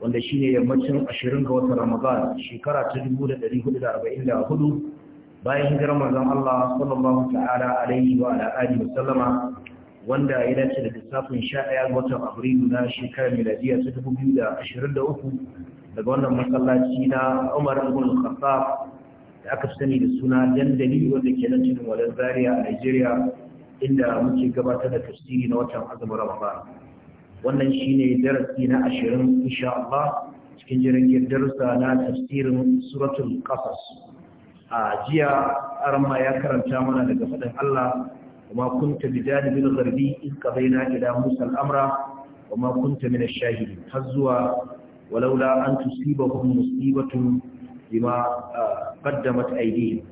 wanda shine yammacin ashirin ga watan Ramadan shekara ta 1444 bayan hijirar manzan Allah sallallahu ta'ala alaihi wa ala wa wasallama wanda ya dace da lissafin 11 ga watan Afrilu na shekarar miladiya ta 2023 daga wannan masallaci na Umar ibn Khattab da aka sani da suna dandali wanda ke nan cikin Zaria a Nigeria inda muke gabatar da tasiri na watan azumin Ramadan wannan shine darasi na ashirin insha Allah cikin jirgin darsa na tafsirin suratul qasas a jiya arma ya karanta mana daga fadin Allah kuma kunta bidanibil gharbi in qadaina ila musa al-amra kuma kunta min ash-shahidin har zuwa walaula an tusibahum musibatun bima ah, qaddamat aydihim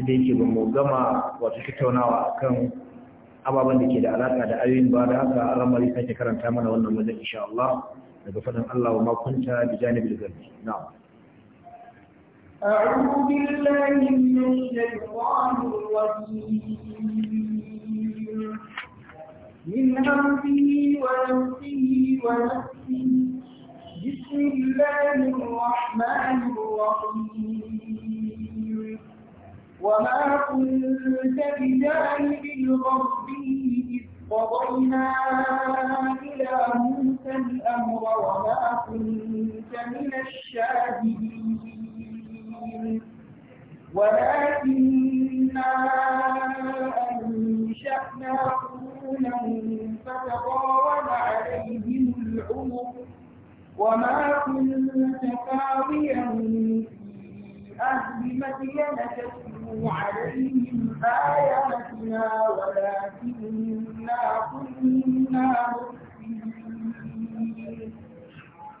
idan yake ban mu gama wato tattaunawa akan ababen da ke da alaka da ayoyin ba da haka ramari sake karanta mana wannan wajen insha Allah daga fadin Allah wa makunta bi janibil ghaib na'am أعوذ بالله من الشيطان الرجيم من همزه ونفسه ونفسه بسم الله الرحمن الرحيم وما كنت بجانب الغرب قضينا إلى موسى الأمر وما كنت من الشاهدين ولكنا أنشأنا قرونا فتطاول عليهم العمر وما كنت قاضيا في أهل مدينة نتلو كنا مسلمين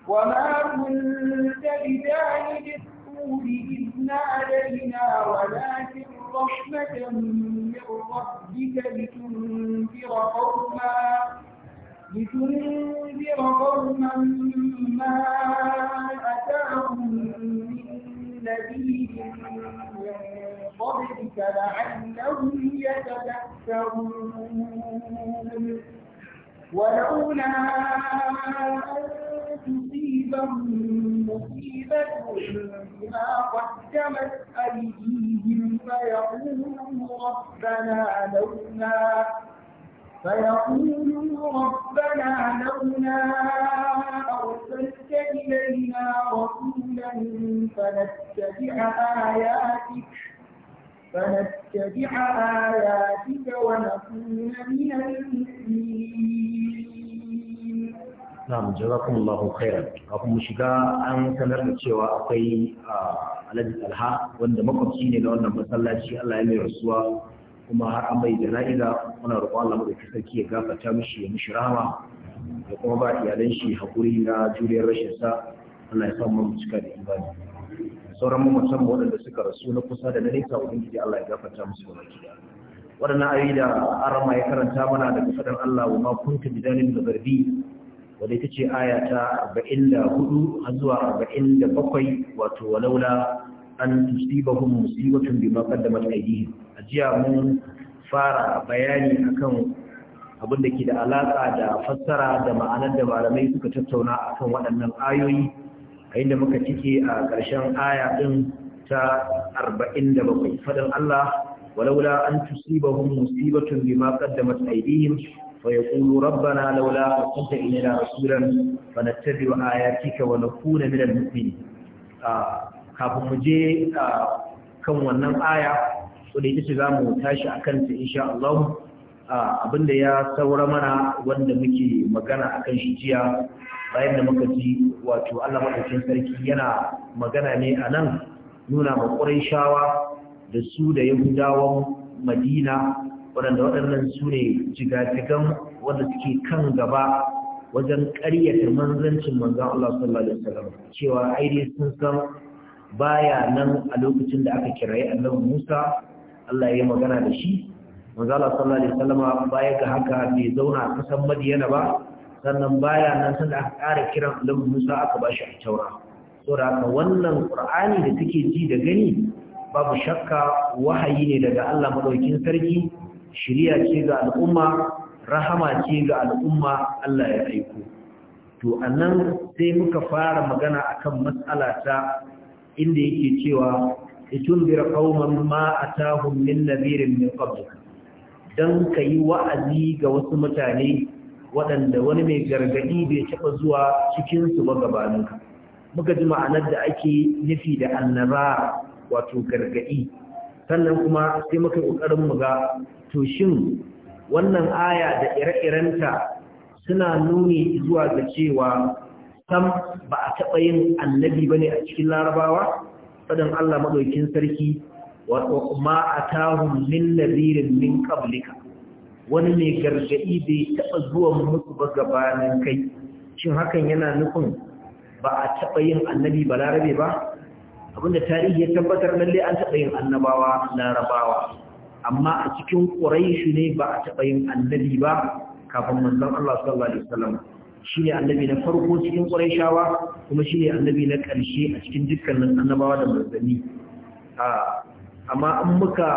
وما كنت بجانب الطور إذ نادينا ولكن رحمة من ربك لتنذر قوما لتنذر قوما ما أتاهم من نذير قبلك لعلهم يتذكرون ولولا أن تصيبهم مصيبة بما قدمت أيديهم فيقولوا ربنا لولا فيقولوا ربنا لولا أرسلت إلينا رسولا فنتبع آياتك فنتبع آياتك ونكون من المؤمنين نعم جزاكم الله خيرا kafin mu shiga an sanar da cewa akwai alhaji Alha, wanda makwabci ne na wannan masallaci Allah ya mai rasuwa kuma har an bai jana'iza muna roƙon Allah madaukakin sarki ya gafarta mushi ya mushi rahama da kuma ba iyalan shi hakuri na juriyar rashin sa Allah ya sa mu cika da imani sauran mamatan waɗanda suka rasu na kusa da na nesa ubangiji Allah ya gafarta musu wa baki da waɗannan ayoyi da arama ya karanta mana daga faɗin Allah wa ma kunta bidanin da zarbi wadda ita ce aya ta 44 zuwa 47 wato walaula an tusibahum musibatun bima qaddamat aydihim ajiya mun fara bayani akan abin da ke da alaka da fassara da ma'anar da malamai suka tattauna akan waɗannan ayoyi a inda muka ciki a ƙarshen aya ɗin ta arba'in da bakwai faɗin Allah walaula an tusiba hun musibatun bi ma qaddama aydihim fa yaqulu rabbana laula qadta ilayna rasulan fa nattabi'u ayatika wa nakuna minal mu'minin a kafin mu je kan wannan aya so da yake za mu tashi a kanta, insha Allah abinda ya saura mana wanda muke magana a kan shi jiya bayan da muka ji wato Allah madaukakin sarki yana magana ne a nan nuna ma shawa da su da Yahudawan Madina waɗanda waɗannan su ne jigajigan wanda suke kan gaba wajen ƙaryata manzancin manzan Allah sallallahu alaihi wasallam cewa ai dai sun san baya nan a lokacin da aka kirayi Annabi Musa Allah ya yi magana da shi manzan Allah sallallahu alaihi wasallam baya ga haka bai zauna kusan Madiyana ba sannan baya nan sai da aka ƙara kiran annabi Musa aka bashi a taura saboda haka wannan Qur'ani da take ji da gani babu shakka wahayi ne daga Allah madaukakin sarki shiriya ce ga al'umma rahama ce ga al'umma Allah ya aiko to anan sai muka fara magana akan matsala ta inda yake cewa itundira qauman ma atahum min nadhirin min qablik dan kai wa'azi ga wasu mutane waɗanda wani mai gargaɗi bai taɓa zuwa cikinsu ba gabaninka muka ji ma'anar da ake nufi da annaba wato gargaɗi sannan kuma sai muka ƙoƙarin mu ga to shin wannan aya da ire-irenta suna nuni zuwa ga cewa sam ba a taɓa yin annabi ba ne a cikin larabawa faɗin Allah maɗaukin sarki wa ma a tahun min nazirin min ƙablika wani mai gargaɗi bai taɓa zuwa Mutu ba gabanin kai shin hakan yana nufin ba a taɓa yin annabi ba Larabe ba abinda tarihi ya tabbatar lalle an taɓa yin annabawa larabawa amma a cikin ƙuraishi ne ba a taɓa yin annabi ba kafin manzon Allah sallallahu alaihi wasallam ne annabi na farko cikin ƙuraishawa kuma ne annabi na ƙarshe a cikin dukkanin annabawa da manzanni ah, amma in muka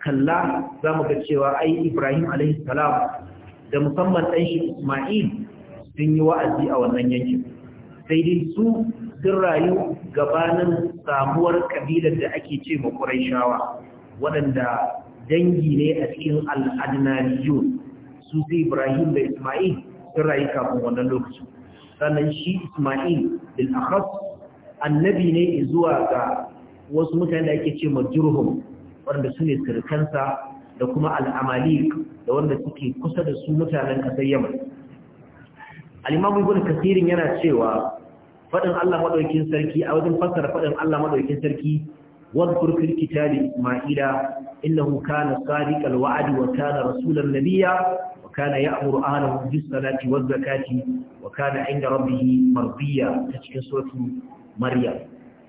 kalla za mu ga cewa ai Ibrahim alaihi da musamman ɗan shi Ismail sun yi wa'azi a wannan yankin sai dai su sun rayu gabanin samuwar kabilar da ake ce ma shawa. waɗanda dangi ne a cikin al'adnaniyun su sai Ibrahim da Ismail sun rayu kafin wannan lokacin sannan shi Ismail bil akhas annabi ne zuwa ga wasu mutane da ake ce ma Jurhum wanda su ne surkansa da kuma al’amali da wanda suke kusa da su mutanen ƙasar yamman. alimamun gudun kasirin yana cewa faɗin Allah maɗaukin sarki a wajen fasara faɗin Allah maɗaukin sarki wani kurkur kita da ma'ida inda huka na sadiƙa wa'adi wa kana rasular nabiya wa kana ya amuru ana hujjus sanati wa zakati wa kana inda rabbihi marbiya ta cikin sotu maryam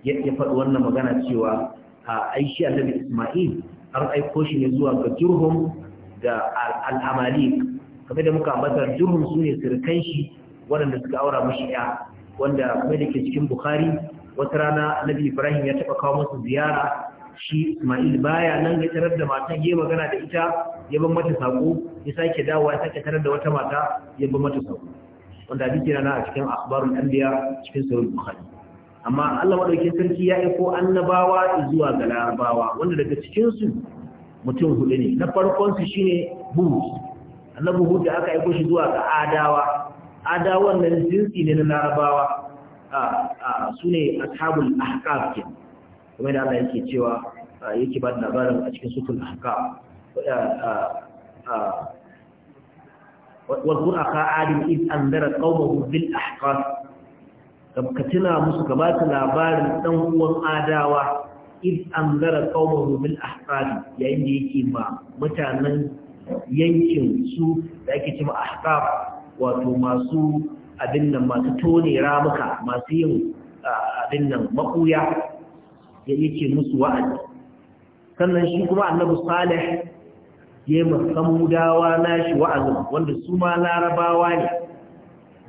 ya faɗi wannan magana cewa a aishi annabi Isma'il an aiko shi ne zuwa ga Jurhum da Al-Amalik kamar da muka ambata Jurhum sune sirkan shi waɗanda suka aura mashi ya wanda kamar da ke cikin Bukhari wata rana Annabi Ibrahim ya taba kawo masu ziyara shi Isma'il baya nan ya tarar da matan ya magana da ita ya ban mata sako ya sake dawowa ya sake tarar da wata mata ya ban mata sako wanda hadisi yana a cikin akhbarul anbiya cikin sahih Bukhari amma Allah madaukakin sarki ya aiko annabawa zuwa ga larabawa wanda daga cikin su mutum hudu ne na farkon su shine Hud annabi Hud da aka aiko shi zuwa ga Adawa Adawan nan jinsi ne na larabawa a su ne ashabul ahqaf ke kuma da Allah yake cewa yake ba da labarin a cikin sutul ahqaf wa qul aqa adim iz anzara qawmuhu bil ahqaf ka tuna musu ka ba su labarin ɗan uwan adawa iz an zara qaumahu bil ahqab yayin da yake ma mutanen yankin su da ake cewa ahqab wato masu abin nan masu tone ramuka masu yin abin nan makuya ya yake musu wa'azi sannan shi kuma annabi salih ya yi na nashi wa'azin wanda su ma larabawa ne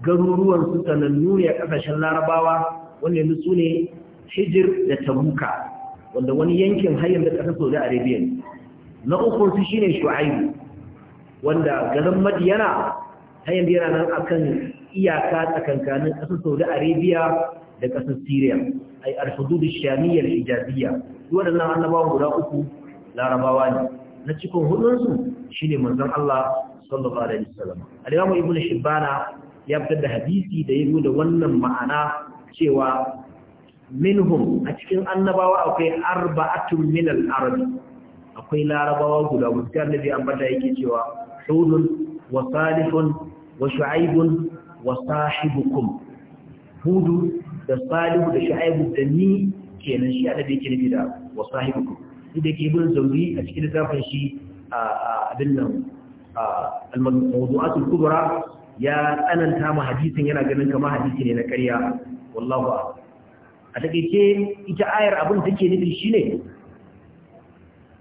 garuruwan su tsanannu ne a ƙasashen larabawa wanda su ne hijir da tabuka wanda wani yankin hayan da ƙasar saudi arabia ne na ukun su shine shu'aibu wanda garin madiyana hayan yana nan akan iyaka tsakankanin ƙasar saudi arabia da ƙasar syria ai al da ash-shamiyya Su waɗannan annabawan guda uku larabawa ne na cikin hudunsu shine manzon Allah sallallahu alaihi wasallam al ibnu shibbana ya fitar da hadisi da ya nuna wannan ma'ana cewa minhum a cikin annabawa akwai arba'atun min al-arabi akwai larabawa guda guda annabi ambata yake cewa hudun wa salihun wa shu'aibun wa sahibukum hudu da salihu da shu'aibu da ni kenan shi annabi yake nufi da wa sahibukum inda yake ibn zauri a cikin littafin shi a abin nan al-mawdu'atul kubra ya tsananta ma hadisin yana ganin kamar hadisi ne na ƙarya wallahu a a takeice ita ayar abin take nufi shine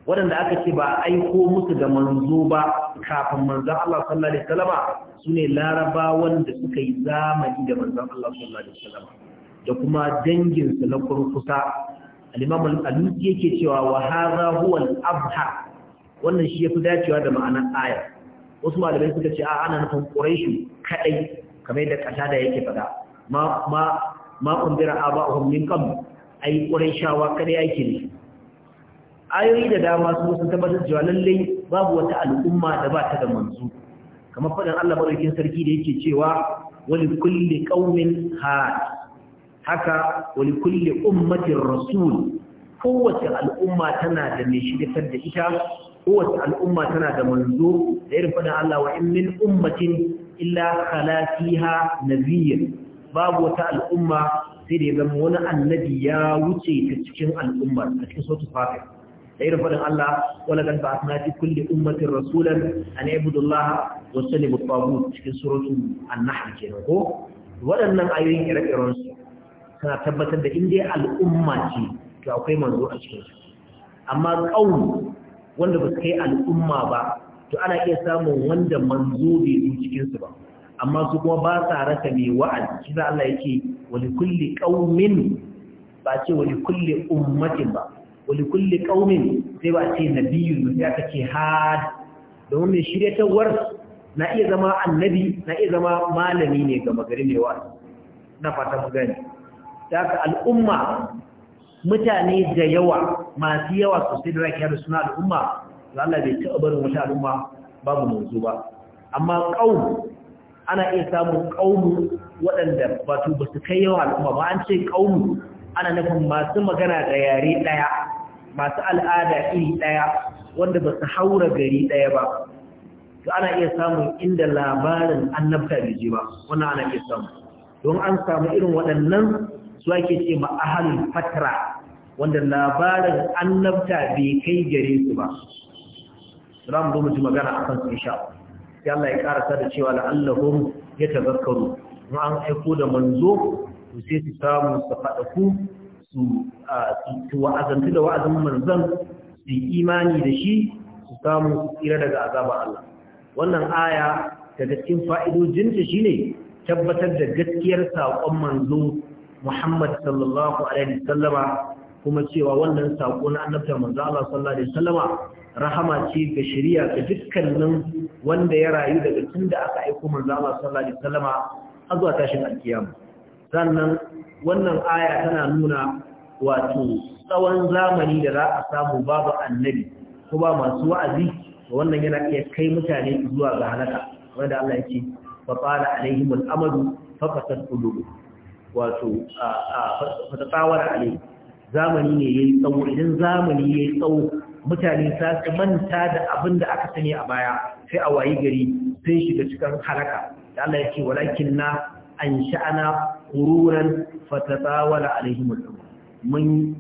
waɗanda aka ce ba aiko musu da manzo ba kafin manzon Allah sallallahu alaihi wasallama sune larabawan da suka yi zamani da manzan Allah sallallahu alaihi wasallama da kuma dangin su na kurkusa al-Imam al-Alusi yake cewa wa hadha huwa al abha wannan shi yafi dacewa da ma'anar ayar wasu malamai suka ce a ana nufin quraishi kadai kamar yadda kasa da yake faɗa ma ma ma kundira aba'uhum min qabl ai quraishawa kadai ake ne ayoyi da dama su sun tabbatar cewa lallai babu wata al'umma da ba ta da manzu kamar faɗin Allah madaukakin sarki da yake cewa wali kulli qaumin had haka wali kulli ummatin rasul kowace al'umma tana da mai shirkar da ita kowace al'umma tana da manzo da irin faɗin Allah wa in min ummatin illa khala fiha babu wata al'umma sai da ya zama wani annabi ya wuce ta cikin al'ummar a cikin sautu fafi da irin faɗin Allah wani kan ba'athna fi kulle ummatin rasulan an ibudu Allah wa sallimu tawagut cikin suratu an kenan ko waɗannan ayoyin ire-iren suna tabbatar da in dai al'umma ce to akwai manzo a cikin su amma kauli wanda ba kai al'umma ba to ana iya samun wanda manzo bai zo cikin su ba amma su kuma ba sa raka mai wa'azi shi da Allah yake wali kulli qaumin ba ce wali kulli ummatin ba wali kulli qaumin sai ba ce nabiyyu sai aka ce had domin mai shiryatawar na iya zama annabi na iya zama malami ne ga magari mai wa'azi na fata mu gani da al'umma mutane da yawa masu yawa sai da rakiya da suna al'umma da Allah bai taɓa barin wata al'umma babu manzo ba amma ƙaun ana iya samun ƙaunu waɗanda ba su ba su kai yawa al'umma ba an ce ƙaunu ana nufin masu magana da yare ɗaya masu al'ada iri ɗaya wanda ba su haura gari ɗaya ba to ana iya samun inda labarin annabta bai je ba wannan ana iya samu don an samu irin waɗannan su ake ce ma ahalul fatra wanda labarin annabta bai kai gare su ba za mu zo ji magana akan su insha sai Allah ya karasa da cewa la'allahum yatazakkaru in an aiko da manzo to sai su samu su su wa'azantu da wa'azin manzon su imani da shi su samu su tsira daga azaba Allah wannan aya daga cikin fa'idojinta shine tabbatar da gaskiyar saƙon manzo Muhammad sallallahu alaihi wasallama kuma cewa wannan saƙo na annabtar manzo Allah sallallahu alaihi sallama rahama ce ga shari'a ga dukkanin wanda ya rayu daga da aka aika manzo Allah sallallahu alaihi wasallama har zuwa tashin alkiyama sannan wannan aya tana nuna wato tsawon zamani da za a samu babu annabi ko ba masu wa'azi wannan yana iya kai mutane zuwa ga halaka wanda Allah ce fa qala alaihim al-amadu faqasat qulubuhum wato fatawar ali zamani ne yayi tsawo idan zamani yi tsawo mutane sa su manta da abin da aka sani a baya sai a wayi gari sun shiga cikin haraka da Allah ya ce walakin na an sha'ana kururan fatatawala alaihim al mun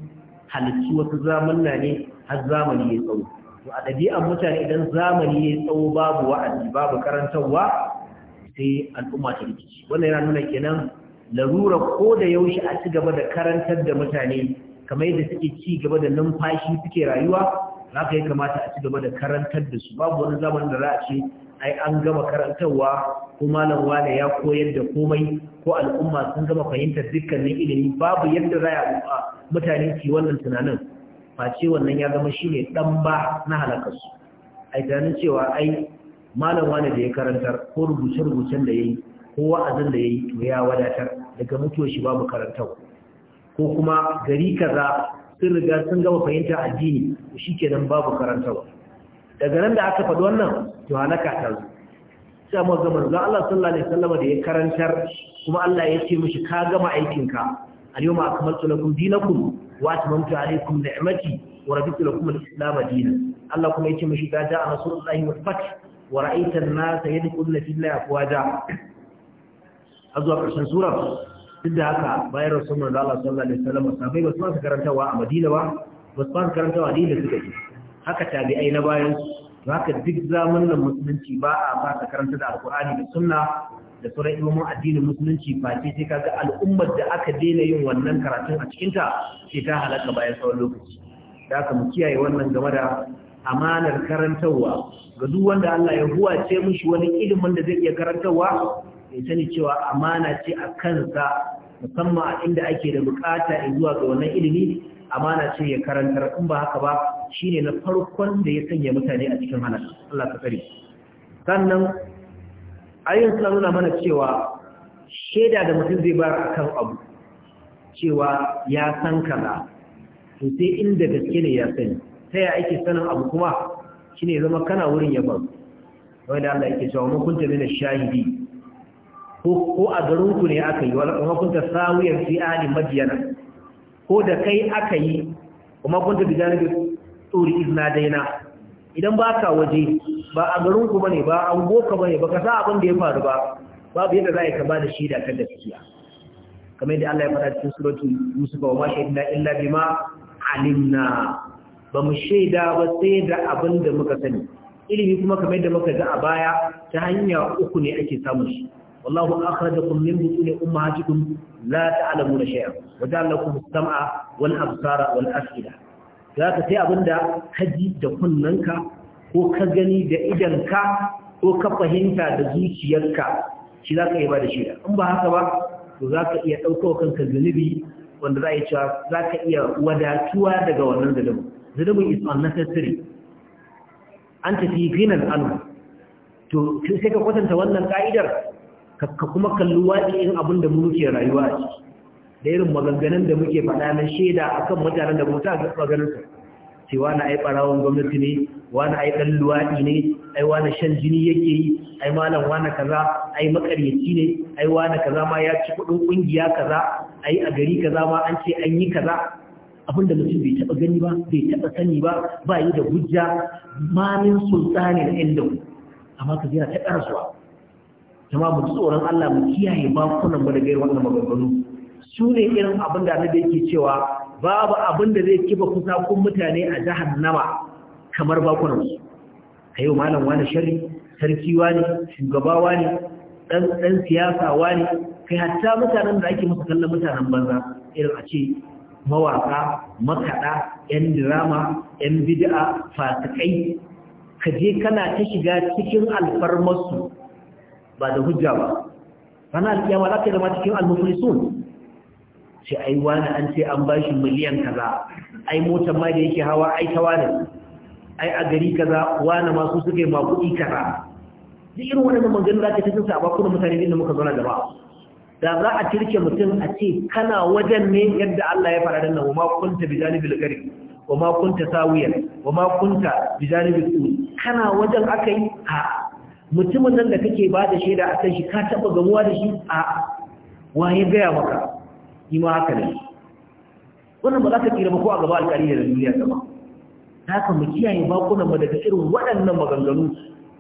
halicci wasu zamanna ne har zamani yi tsawo to a dabi'an mutane idan zamani yi tsawo babu wa'azi babu karantarwa sai al'umma ta rikici wannan yana nuna kenan larura ko da yaushe a ci gaba da karantar da mutane kamar yadda suke ci gaba da numfashi suke rayuwa za ka yi kamata a ci gaba da karantar da su babu wani zamanin da za a ce ai an gama karantarwa ko malam wane ya koyar da komai ko al'umma sun gama fahimtar dukkanin ilimi babu yadda za a mutane su wannan tunanin ce wannan ya zama shi ne ɗan ba na halakarsu ai tunanin cewa ai malam wane da ya karantar ko rubuce-rubucen da ya yi ko wa'azin da ya yi to ya wadatar daga mutuwar shi babu karantawa ko kuma gari kaza sun riga sun gama fahimta addini shi nan babu karantawa daga nan da aka faɗi wannan to halaka ta zo sai amma ga manzo Allah sallallahu alaihi wasallam da ya karantar kuma Allah ya ce mishi ka gama aikinka al-yawma akmaltu lakum dinakum wa atmamtu alaykum ni'mati wa raditu lakum al-islam dinan Allah kuma ya ce mishi ga da rasulullahi wa fath wa ra'aita an-nasa yadkhuluna fi allahi afwaja azwa karshen sura duk da haka bayan rasul manzo Allah sallallahu alaihi wasallam sahabbai ba su fara karantawa a Madina ba ba su masu karantawa a Madina suka yi haka tabi'ai na bayan haka duk zamanin musulunci ba a fara karanta da alkur'ani da sunna da sauran ilimin addinin musulunci Fati sai kaga al'ummar da aka daina yin wannan karatun a cikin ta sai ta halaka bayan tsawon lokaci da aka mu kiyaye wannan game da amanar karantarwa ga duk wanda Allah ya huwa huwace mishi wani ilimin da zai iya karantarwa ya sani cewa amana ce a kansa musamman a inda ake da bukata zuwa ga wannan ilimi amana ce ya karanta in ba haka ba shine na farkon da ya sanya mutane a cikin hana Allah ka tsare sannan ayin suna nuna mana cewa shaida da mutum zai bar akan abu cewa ya san kaza to sai inda gaske ne ya sani ta ya ake sanin abu kuma shine zama kana wurin ya faru wanda Allah yake cewa mun kunta mina shahidi ko a garinku ne aka yi wani kuma kunta sawiyar fi ali madiyana ko da kai aka yi kuma kunta bi janibi tsori izna daina idan ba ka waje ba a garinku ba ne ba an goka ba ne ba ka sa abin da ya faru ba babu yadda za ka ba da shi da kan da gaskiya kamar yadda Allah ya faɗa cikin suratu Yusuf wa ma shahidna illa bima alimna ba mu shaida ba sai da abin da muka sani ilimi kuma kamar yadda muka ga a baya ta hanya uku ne ake samun shi والله أخرجكم من بطون أمهاتكم لا تعلمون شيئا وجعل لكم السمع والأبصار والأفئدة ذاك سي أبندا كجي دكون ننكا ko ka gani da idanka ko ka fahimta da zuciyarka shi za ka yi ba da shida in ba haka ba to za ka iya ɗaukawa kanka zunubi wanda za a yi cewa za ka iya wadatuwa daga wannan zunubin zunubin is an tafi to sai ka kwatanta wannan ƙa'idar. ka kuma kalli in abin da muke rayuwa a ciki da irin maganganun da muke faɗa na shaida akan mutanen da mutu a ga ka? sai wani ai ɓarawon gwamnati ne wani ai ɗan luwaɗi ne ai wani shan jini yake yi ai malam wani kaza ai makaryaci ne ai wani kaza ma ya ci kuɗin ƙungiya kaza ai a gari kaza ma an ce an yi kaza abinda mutum bai taɓa gani ba bai taɓa sani ba ba yi da hujja mamin na inda amma ka jira ta ƙarasuwa kuma mu tsoron Allah mu kiyaye bakunan mu daga irin wannan maganganu su ne irin abin da annabi yake cewa babu abin da zai kiba kusa kun mutane a jahannama kamar bakunan su ayo malam wani sharri sarki wani shugaba wani dan dan siyasa wani kai hatta mutanen da ake masa kallon mutanen banza irin a ce mawaka makaɗa 'yan dirama 'yan bid'a fasikai ka je kana ta shiga cikin su. ba da hujja ba kana alkiyama za ka zama cikin almuflisun ce ai wani an ce an bashi miliyan kaza ai motar ma da yake hawa ai ta wani ai a gari kaza wani masu suka yi makuɗi kaza duk irin wani maganin za ka cikin sa a bakuna mutane da muka zauna gaba? da za a tirke mutum a ce kana wajen ne yadda Allah ya fara da nan wa kunta bi janibil gari wa ma kunta sawiyan wa ma kunta bi janibil kana wajen akai a mutumin nan da kake ba da shaida a kan shi ka taba gamuwa da shi a waye gaya maka yi ma haka ne wannan ba za ka tsira ba ko a gaba alƙari da duniya gaba haka mu kiyaye bakunan mu daga irin waɗannan maganganu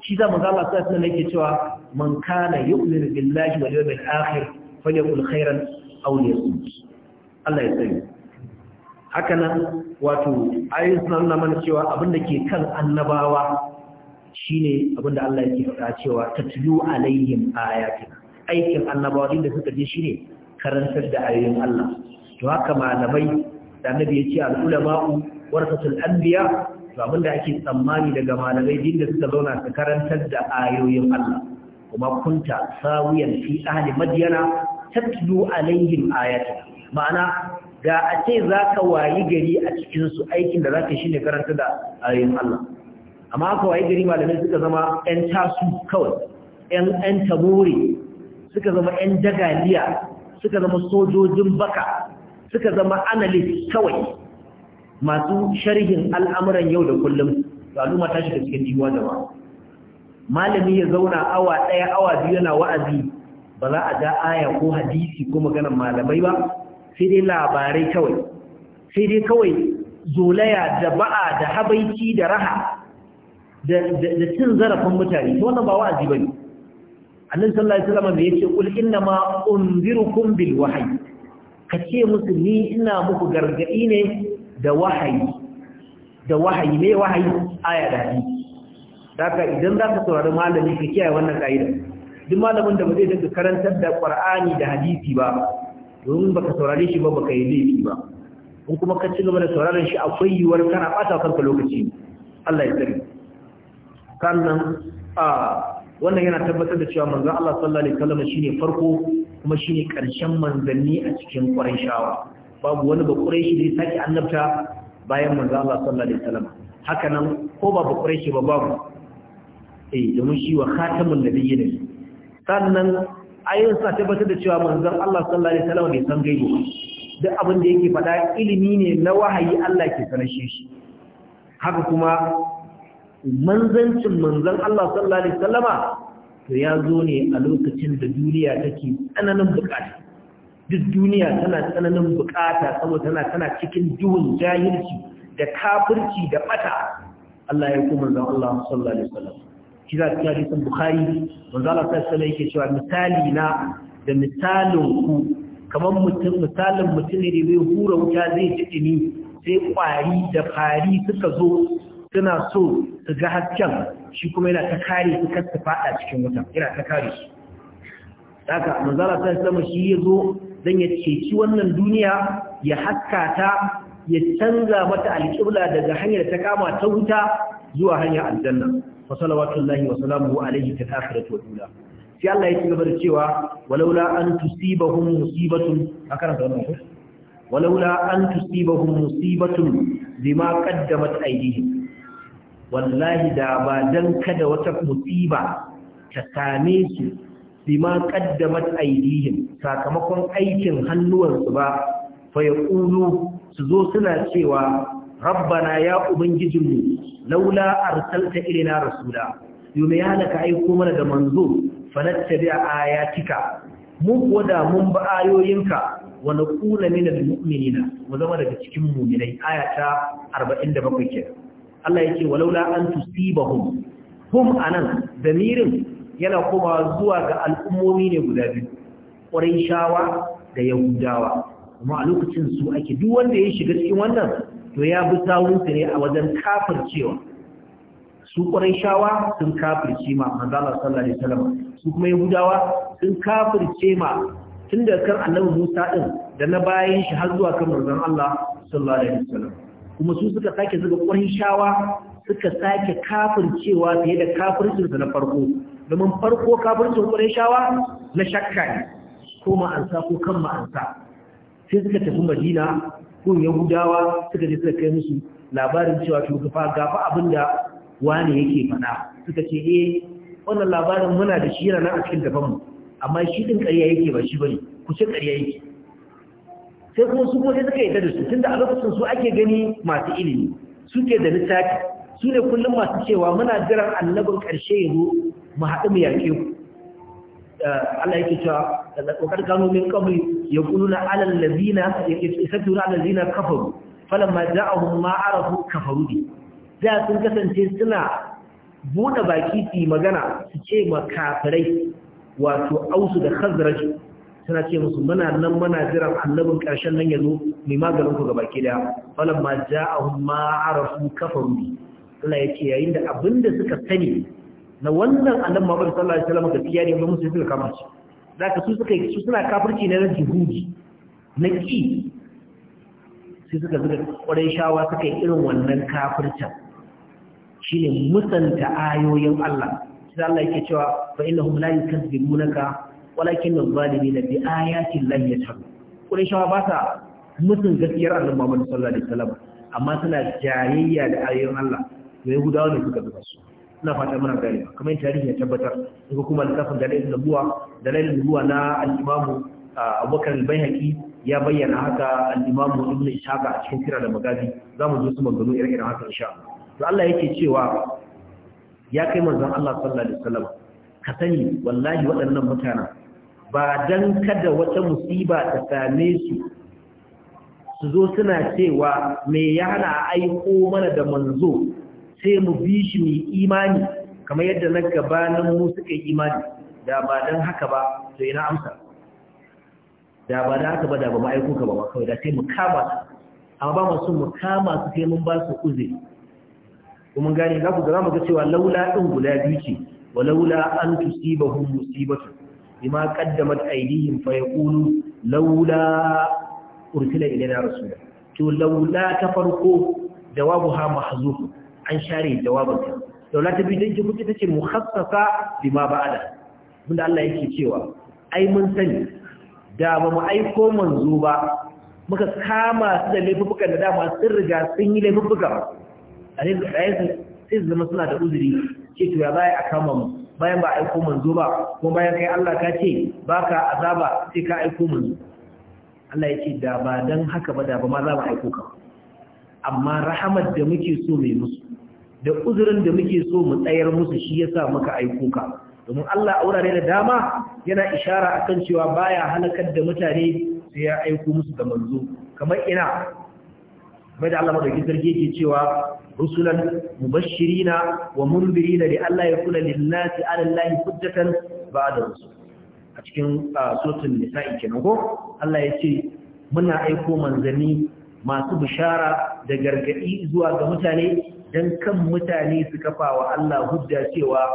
shi za mu ga Allah sai sunan yake cewa man kana yu'minu billahi wal yawmil akhir falyakul khairan aw liyasmut Allah ya sani haka nan wato ayyukan nan mana cewa abinda ke kan annabawa Shi ne abin da Allah yake faɗa cewa ta tatlu a ayatina aikin annabawa da suka je shi ne karantar da ayoyin Allah to haka malamai da annabi yace al-ulama'u warasatul anbiya to abin da ake tsammani daga malamai din da suka zauna su karantar da ayoyin Allah kuma kunta sawiyan fi ahli madyana tatlu alayhim ayatina ma'ana ga a ce zaka wayi gari a cikin su aikin da zaka shine karantar da ayoyin Allah amma aka waye gari malamai suka zama 'yan tasu kawai 'yan tabore suka zama 'yan dagaliya suka zama sojojin baka suka zama analyst kawai masu sharhin al'amuran yau da kullum al'umma ta shiga cikin jiwa da ba malami ya zauna awa ɗaya awa biyu yana wa'azi ba za a ja aya ko hadisi ko maganar malamai ba sai dai labarai kawai sai dai kawai zolaya da ba'a da habaiki da raha da cin zarafin mutane to wannan ba wa'azi bane annabi sallallahu alaihi wasallam yace kul inna ma unzirukum bil wahyi kace musu ni ina muku gargadi ne da wahayi da wahayi ne wahayi aya da hadisi saka idan ka saurari malami ka kiyaye wannan kaida duk malamin da ba zai daga karantar da Qur'ani da hadisi ba domin baka saurari shi ba baka yi laifi ba in kuma ka ci gaba da sauraron shi akwai yiwuwar kana bata kanka lokaci Allah ya tsare sannan a wannan yana tabbatar da cewa manzon Allah sallallahu alaihi wasallam shine farko kuma shine karshen manzanni a cikin Qurayshawa babu wani ba Qurayshi da ya saki annabta bayan manzon Allah sallallahu alaihi wasallam haka nan ko babu ba Qurayshi ba babu eh domin shi wa khatamun nabiyyin sannan ayoyin sa tabbatar da cewa manzon Allah sallallahu alaihi wasallam ne san gaibi duk abin da yake faɗa ilimi ne na wahayi Allah ke sanar shi haka kuma manzancin manzan Allah sallallahu alaihi wasallama to ya zo ne a lokacin da duniya take tsananin bukata duk duniya tana tsananin bukata saboda tana tana cikin duhun jahilci da kafirci da bata Allah ya kuma manzan Allah sallallahu alaihi wasallam shi za ta hadisin bukhari manzan Allah sallallahu alaihi yake cewa misali na da misalin ku kamar mutum misalin mutum ne da bai hura wuta zai ji dini sai kwari da fari suka zo suna so su ga hasken shi kuma yana ta kare su kar su fada cikin wuta yana ta kare su haka manzara ta sama shi ya zo don ya ceci wannan duniya ya haska ta ya canza mata alƙibla daga hanyar ta kama ta wuta zuwa hanyar aljanna wa salawatullahi wa salamuhu alaihi ta akhiratu wa dula sai Allah ya ci gaba da cewa walaula an tusibahum musibatun akara da wannan walaula an tusibahum musibatun bima qaddamat aydihim wallahi da ba dan kada wata musiba ta same su bima kaddamat aidihim sakamakon aikin hannuwansu ba fa yaqulu su zo suna cewa rabbana ya ubangijinmu laula arsalta ilaina rasula yume ya halaka aiko mana da manzo fanattabi'a ayatika mu kuwa da mun ba ayoyinka wa naqulu minal mu'minina mu zama daga cikin mu'minai ayata 47 kenan Allah yake walaula an tusibahum hum anan damirin yana kuma zuwa ga al'ummomi ne guda biyu Qurayshawa da yahudawa kuma a lokacin su ake duk wanda ya shiga cikin wannan to ya bi sawunsa ne a wajen kafircewa su Qurayshawa sun kafirce ma manzo Allah sallallahu alaihi wasallam su kuma yahudawa sun kafirce ma tun da kan annabi Musa din da na bayan shi har zuwa kan manzon Allah sallallahu alaihi wasallam kuma su suka sake zuga shawa suka sake kafircewa fiye da kafircinsu na farko domin farko kafircin shawa na shakka ne ko ma'ansa ko kan ma'ansa sai suka tafi madina kun yahudawa suka je suka kai musu labarin cewa shugaba gafa abin da wane yake faɗa suka ce eh wannan labarin muna da shi yana nan a cikin mu amma shi din ƙarya yake ba shi bane ku ce ƙarya yake sai kuma su kuma sai suka yadda da su tunda a lokacin su ake gani masu ilimi suke da littafi su ne kullum masu cewa muna jiran annabin ƙarshe ya zo mu haɗu mu yaƙe ku eh, Allah yake cewa lazina ya من قبل alal على الذين يسدون على الذين كفروا فلما جاءهم ما عرفوا كفروا به da sun kasance suna buɗe baki su magana su ce ma wato ausu da khazraj tana ce musu muna nan muna jiran annabin ƙarshen nan yazo mai maganin ku gaba kida falan ma ja'ahum ma arafu kafaru bi Allah yace yayin da abinda suka sani na wannan annabi Muhammad sallallahu alaihi wasallam gaskiya ne musu suka kama shi zaka su suka su suna kafirci ne na jihudi na ki sai suka zuga ƙwarai shawa suka yi irin wannan kafircin shine musanta ayoyin Allah sai Allah yake cewa fa innahum la yukazzibunaka walakin az na bi ayati llahi yajhadun qurayshawa ba sa mutun gaskiyar annabi Muhammad sallallahu alaihi wasallam amma suna jayayya da ayoyin Allah da gudawa ne suka zuba su ina fata muna gane kamar tarihi ya tabbatar ko kuma littafin dalilin nubuwa dalilin nubuwa na al-Imam ah, Abubakar al-Baihaqi ya bayyana haka al-Imam Ibn Ishaq a cikin kira da Za zamu je su magano ire-iren haka insha to Allah yake cewa ya kai manzon Allah sallallahu alaihi wasallam ka sani wallahi waɗannan mutanen ba don kada wata musiba ta same su su zo suna cewa mai ya hana aiko mana da manzo sai mu bi shi mai imani kamar yadda na gabanin mu suka yi imani da ba don haka ba to ina amsa da ba da haka ba da ba ma'aiko ka ba ba kawai da sai mu kama su amma ba masu mu kama su sai mun ba su kuzi kuma gani za ku ga za mu ga cewa laula ɗin guda biyu ce wa laula an tusibahum musibatu bima qaddamat aydihim fa yaqulu laula ursila ilayna rasula to laula ta farko jawabuha mahzuf an share jawabinta laula ta biyu ta kuke tace mukhassasa bima ba'ada bunda Allah yake cewa ai mun sani da ba mu aiko manzo ba muka kama su da laifukan da dama sun riga sun yi laifuka a rai sai su zama suna da uzuri ce to ya za a kama mu bayan ba aiko manzo ba kuma bayan kai Allah ka ce baka azaba sai ka aiko manzo Allah ya ce da ba dan haka ba da ba ma za mu aiko ka amma rahamar da muke so mai musu da uzurin da muke so mu tsayar musu shi yasa muka aiko ka domin Allah a wurare da dama yana ishara akan cewa baya halakar da mutane sai ya aiko musu da manzo kamar ina mai da Allah madaukin sarki yake cewa rusulan mubashirina wa mundirina da Allah ya kula lillahi ala Allah hujjatan ba'da rusul a cikin suratul nisa'i kenan ko Allah ya ce muna aiko manzanni masu bishara da gargadi zuwa ga mutane dan kan mutane su kafa wa Allah hujja cewa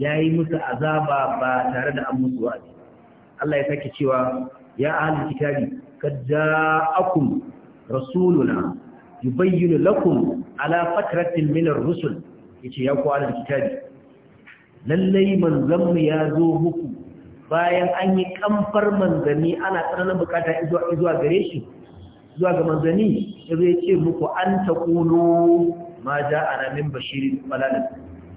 yayi musu azaba ba tare da an musu Allah ya sake cewa ya ahli kitabi kad ja'akum rasuluna yubayyinu lakum ala fatratin Minar ar-rusul yace ya kwana alal kitabi lallai manzanmu ya zo muku bayan an yi kamfar manzanni ana tsananin bukata zuwa zuwa gare shi zuwa ga manzanni yazo yace ce muku an taqulu ma a min bashirin wala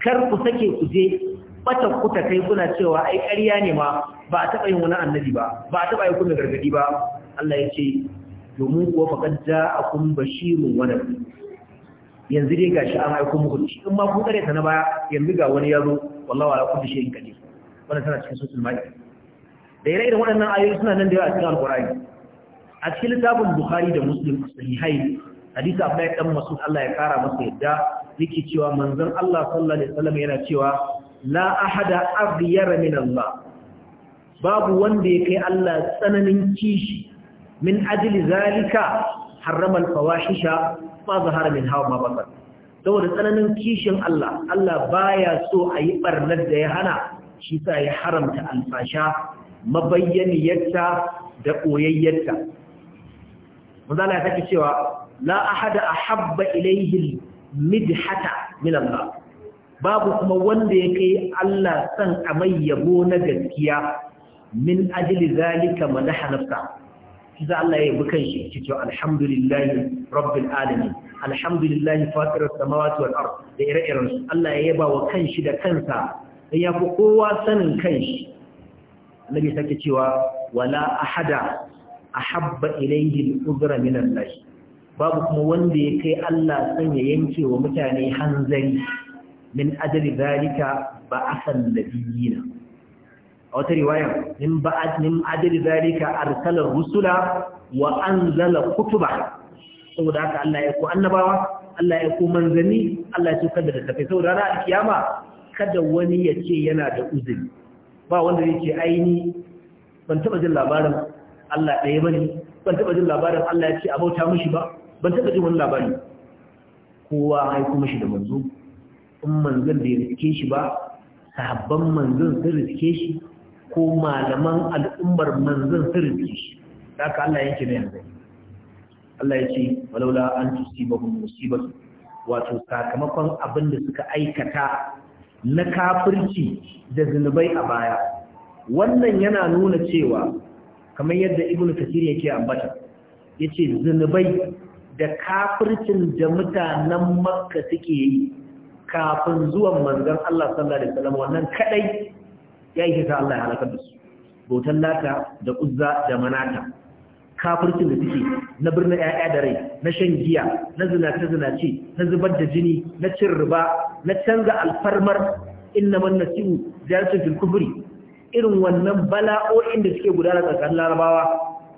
kar ku sake ku je bata ku kai kuna cewa ai ƙarya ne ma ba a taɓa yin wani annabi ba ba a taɓa yi kuma gargadi ba Allah ya ce domin kuwa faƙad ja'akum bashirun wa nadir yanzu dai gashi an aiko muku shi in ma kun kare ta na baya yanzu ga wani yaro wallahi wala kulli shay'in qadir Wanda tana cikin suratul maida da ire iren waɗannan ayoyi suna nan da yawa a cikin alqur'ani a cikin littafin bukhari da muslim sahihai hadisi abdullahi dan mas'ud Allah ya ƙara masa yadda yake cewa manzon Allah sallallahu alaihi wasallam yana cewa la ahada aghyara min Allah babu wanda ya kai Allah tsananin kishi min ajili zalika harrama fawahisha ma zahara min hawa ma batar saboda tsananin kishin Allah Allah baya so a yi barnar da ya hana shi sa ya haramta alfasha mabayyaniyarta da koyayyarta manzala ya take cewa la ahada ahabba ilayhi midhata min Allah babu kuma wanda ya kai Allah san amai yabo na gaskiya min ajli zalika madaha nafsa shi za Allah ya yi bukan shi ki ce alhamdulillahi rabbil alamin alhamdulillahi fatirar samawati wal ard da ire-iren su Allah ya yaba wa kanshi da kansa dan ya fi kowa sanin kanshi annabi sake cewa wala ahada ahabba ilayhi al-udra min Allah babu kuma wanda ya kai Allah san ya yanke wa mutane hanzari min ajali zalika ba asan nabiyina a wata riwaya in ba'ad min adil zalika arsala rusula wa anzala kutuba saboda haka Allah ya ko annabawa Allah ya ko manzanni Allah ya so kada da tafi saboda ranar kiyama kada wani ya ce yana da uzuri ba wanda zai ce aini ban taba jin labarin Allah ɗaya bane ban taba jin labarin Allah ya ce a bauta mishi ba ban taba jin wani labari kowa ai kuma shi da manzo in manzon da ya rike shi ba sahabban manzon sun rike shi ko malaman al'ummar manzan sirri shi haka Allah yake ne yanzu Allah ya ce walaula an tusibahum musibatu wato sakamakon abin da suka aikata na kafirci da zunubai a baya wannan yana nuna cewa kamar yadda ibn kasir yake ambata yace zunubai da kafircin da mutanen makka suke yi kafin zuwan manzon Allah sallallahu alaihi wasallam wannan kadai ya ishe ta Allah ya halakar da su bautan lata da uzza da manata kafircin da suke na birnin ƴaƴa da rai na shan giya na zinace zinace na zubar da jini na cin riba na canza alfarmar innaman nasi'u ziyaratul kufri irin wannan bala'o'in da suke gudana tsakanin larabawa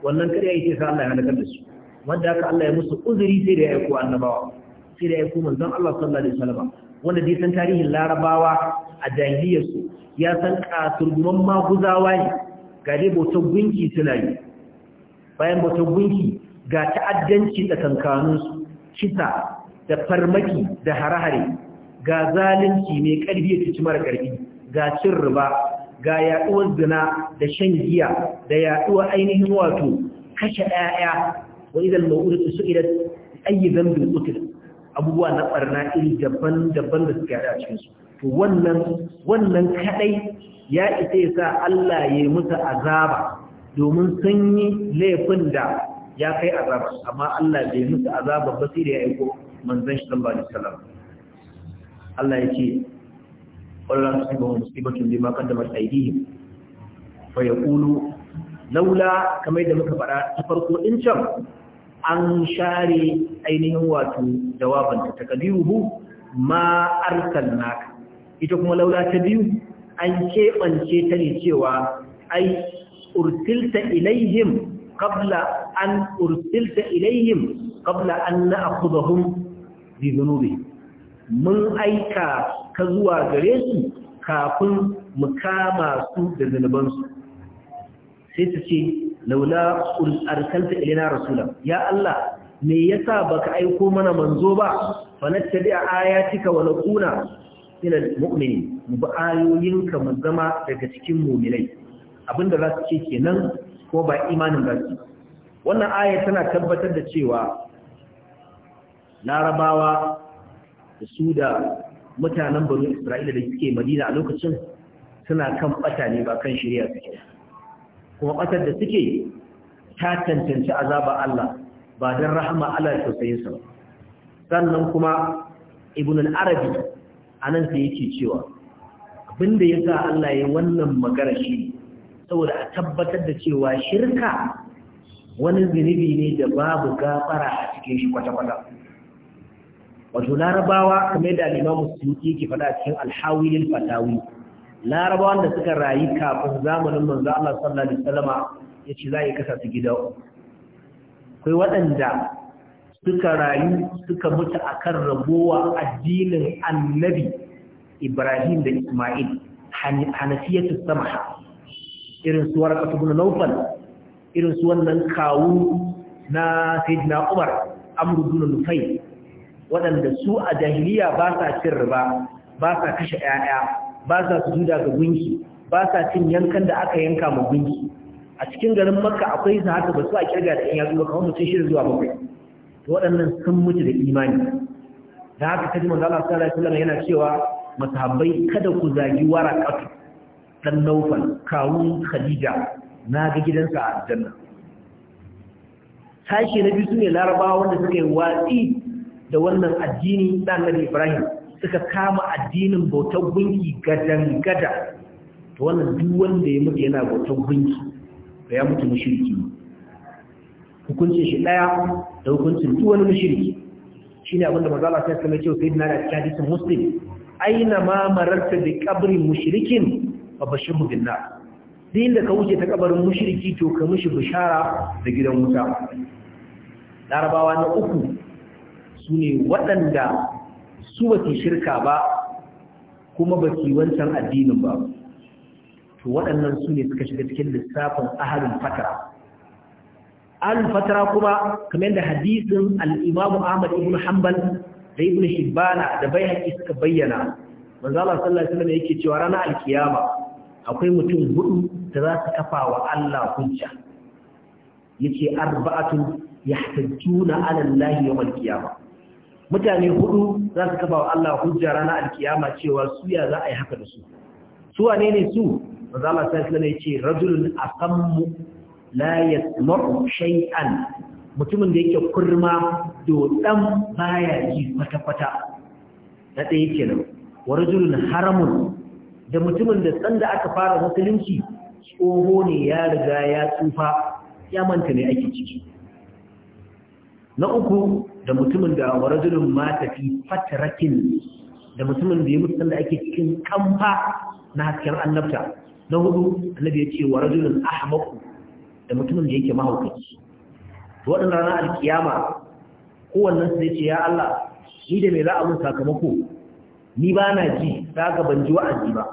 wannan kada ya ishe ta Allah ya halakar da su wanda haka Allah ya musu uzuri sai da ya aiko annabawa sai da ya aiko manzon Allah sallallahu alaihi wasallam wanda dai san tarihin larabawa a su. ya san kasurguman maguzawa ne ga dai gunki suna yi bayan bautan gunki ga ta'addanci da kankanunsu, kisa da farmaki da harahare, ga zalunci mai ƙarfi ya ci mara ƙarfi ga cin riba ga yaɗuwar zina da shan giya da yaɗuwar ainihin wato kashe ɗaya wa idan ma'udu su idan ayyukan bin abubuwa na ɓarna iri daban-daban da suka a cikinsu wannan wannan kadai ya isa ya sa Allah ya yi musu azaba domin sun yi laifin da ya kai azaba amma Allah bai musu azaba ba sai da ya aiko manzon shi sallallahu alaihi wasallam Allah ya ce Allah subhanahu musibatun bima qaddamat aydihim fa yaqulu laula kamar da muka fara ta farko din can an share ainihin wato jawaban ta takadiruhu ma arsalnaka ita kuma laula ta biyu an keɓance ta ne cewa ai ursilta ilaihim qabla an ursilta ilaihim qabla an na'khudhum bi dhunubi mun aika ka zuwa gare su kafin mu kama su da su. sai ta ce laula arsalta ilaina rasula ya Allah me yasa baka aiko mana manzo ba fa nattabi'a ayatika wa naquna ila mu'mini mu bi ka mu zama daga cikin mu'minai abinda za su ce kenan ko ba imanin ba su wannan aya tana tabbatar da cewa larabawa da su da mutanen banu isra'ila da suke madina a lokacin suna kan bata ne ba kan shirya suke kuma batar da suke ta tantance azaba Allah ba don rahama Allah da tausayinsa ba sannan kuma ibn al-arabi anan sai yake cewa abinda ya sa Allah ya wannan magana shi saboda a tabbatar da cewa shirka wani zunubi ne da babu gafara a cikin shi kwata-kwata wato larabawa kamar da limamu suke ke faɗa cikin alhawilin fatawi Larabawa da suka rayu kafin zamanin manzo Allah sallallahu alaihi ya yace za a yi kasa su gida akwai waɗanda suka rayu suka mutu akan ragowa addinin annabi Ibrahim da Ismail hanafiyatu sama irin su warqat ibn irin su wannan kawu na Sayyidina Umar Amr nufai waɗanda su a jahiliya ba sa cin riba ba sa kashe 'ya'ya, ba sa juda ga gunki ba sa cin yankan da aka yanka ma gunki a cikin garin Makka akwai su haka ba su a kirga da 'yan yatsu ba kamar mutum shirin zuwa bakwai to waɗannan sun mutu da imani da haka kaji manzo Allah sallallahu alaihi wasallam yana cewa masahabbai kada ku zagi waraqatu dan naufal kawun khadija na ga gidansa a janna tashi na biyu sune larabawa wanda suka yi watsi da wannan addini dan nabi Ibrahim suka kama addinin bautar gunki gadan gada to wannan duk wanda ya mutu yana bautar gunki to ya mutu mushriki ne hukuncin shi ɗaya, da hukuncin duk wani mushriki shine abinda manzo Allah sai kuma ce sayyidina da hadisin muslim aina ma mararta bi qabrin mushrikin Babashin bashirhu din da ka wuce ta kabarin mushriki to ka mishi bishara da gidan wuta larabawa na uku sune waɗanda su ba shirka ba kuma ba su wancan addinin ba to waɗannan su ne suka shiga cikin lissafin ahalin fatara al-fatara kuma kamar da hadisin al-imam Ahmad ibn Hanbal da ibn Hibbana da bai Baihaqi suka bayyana manzo Allah sallallahu alaihi wasallam yake cewa ranar alkiyama, akwai mutum hudu da za su kafa wa Allah hujja yace arba'atun yahtajjuna 'ala Allah yawm al-qiyamah mutane hudu za su kafa wa Allah hujja ranar alkiyama cewa su ya za a yi haka da su su wane ne su manzo Allah sallallahu alaihi wasallam yace rajulun aqammu Layat yasma'u shay'an mutumin da yake kurma ɗan baya ji kwata-kwata na ɗaya kenan wa haramun da mutumin da sanda aka fara musulunci tsoho ne ya riga ya tsufa ya manta ne ake ciki na uku da mutumin da wa rajulun fatarakin da mutumin da ya mutu sanda ake cikin kamfa na hasken annabta na hudu annabi ya ce wa ahmaku da mutumin da yake mahaukaci to waɗannan rana alkiyama kowannen su ce ya Allah ni da me za a mun sakamako ni ba na ji za ka ban ji wa'azi ba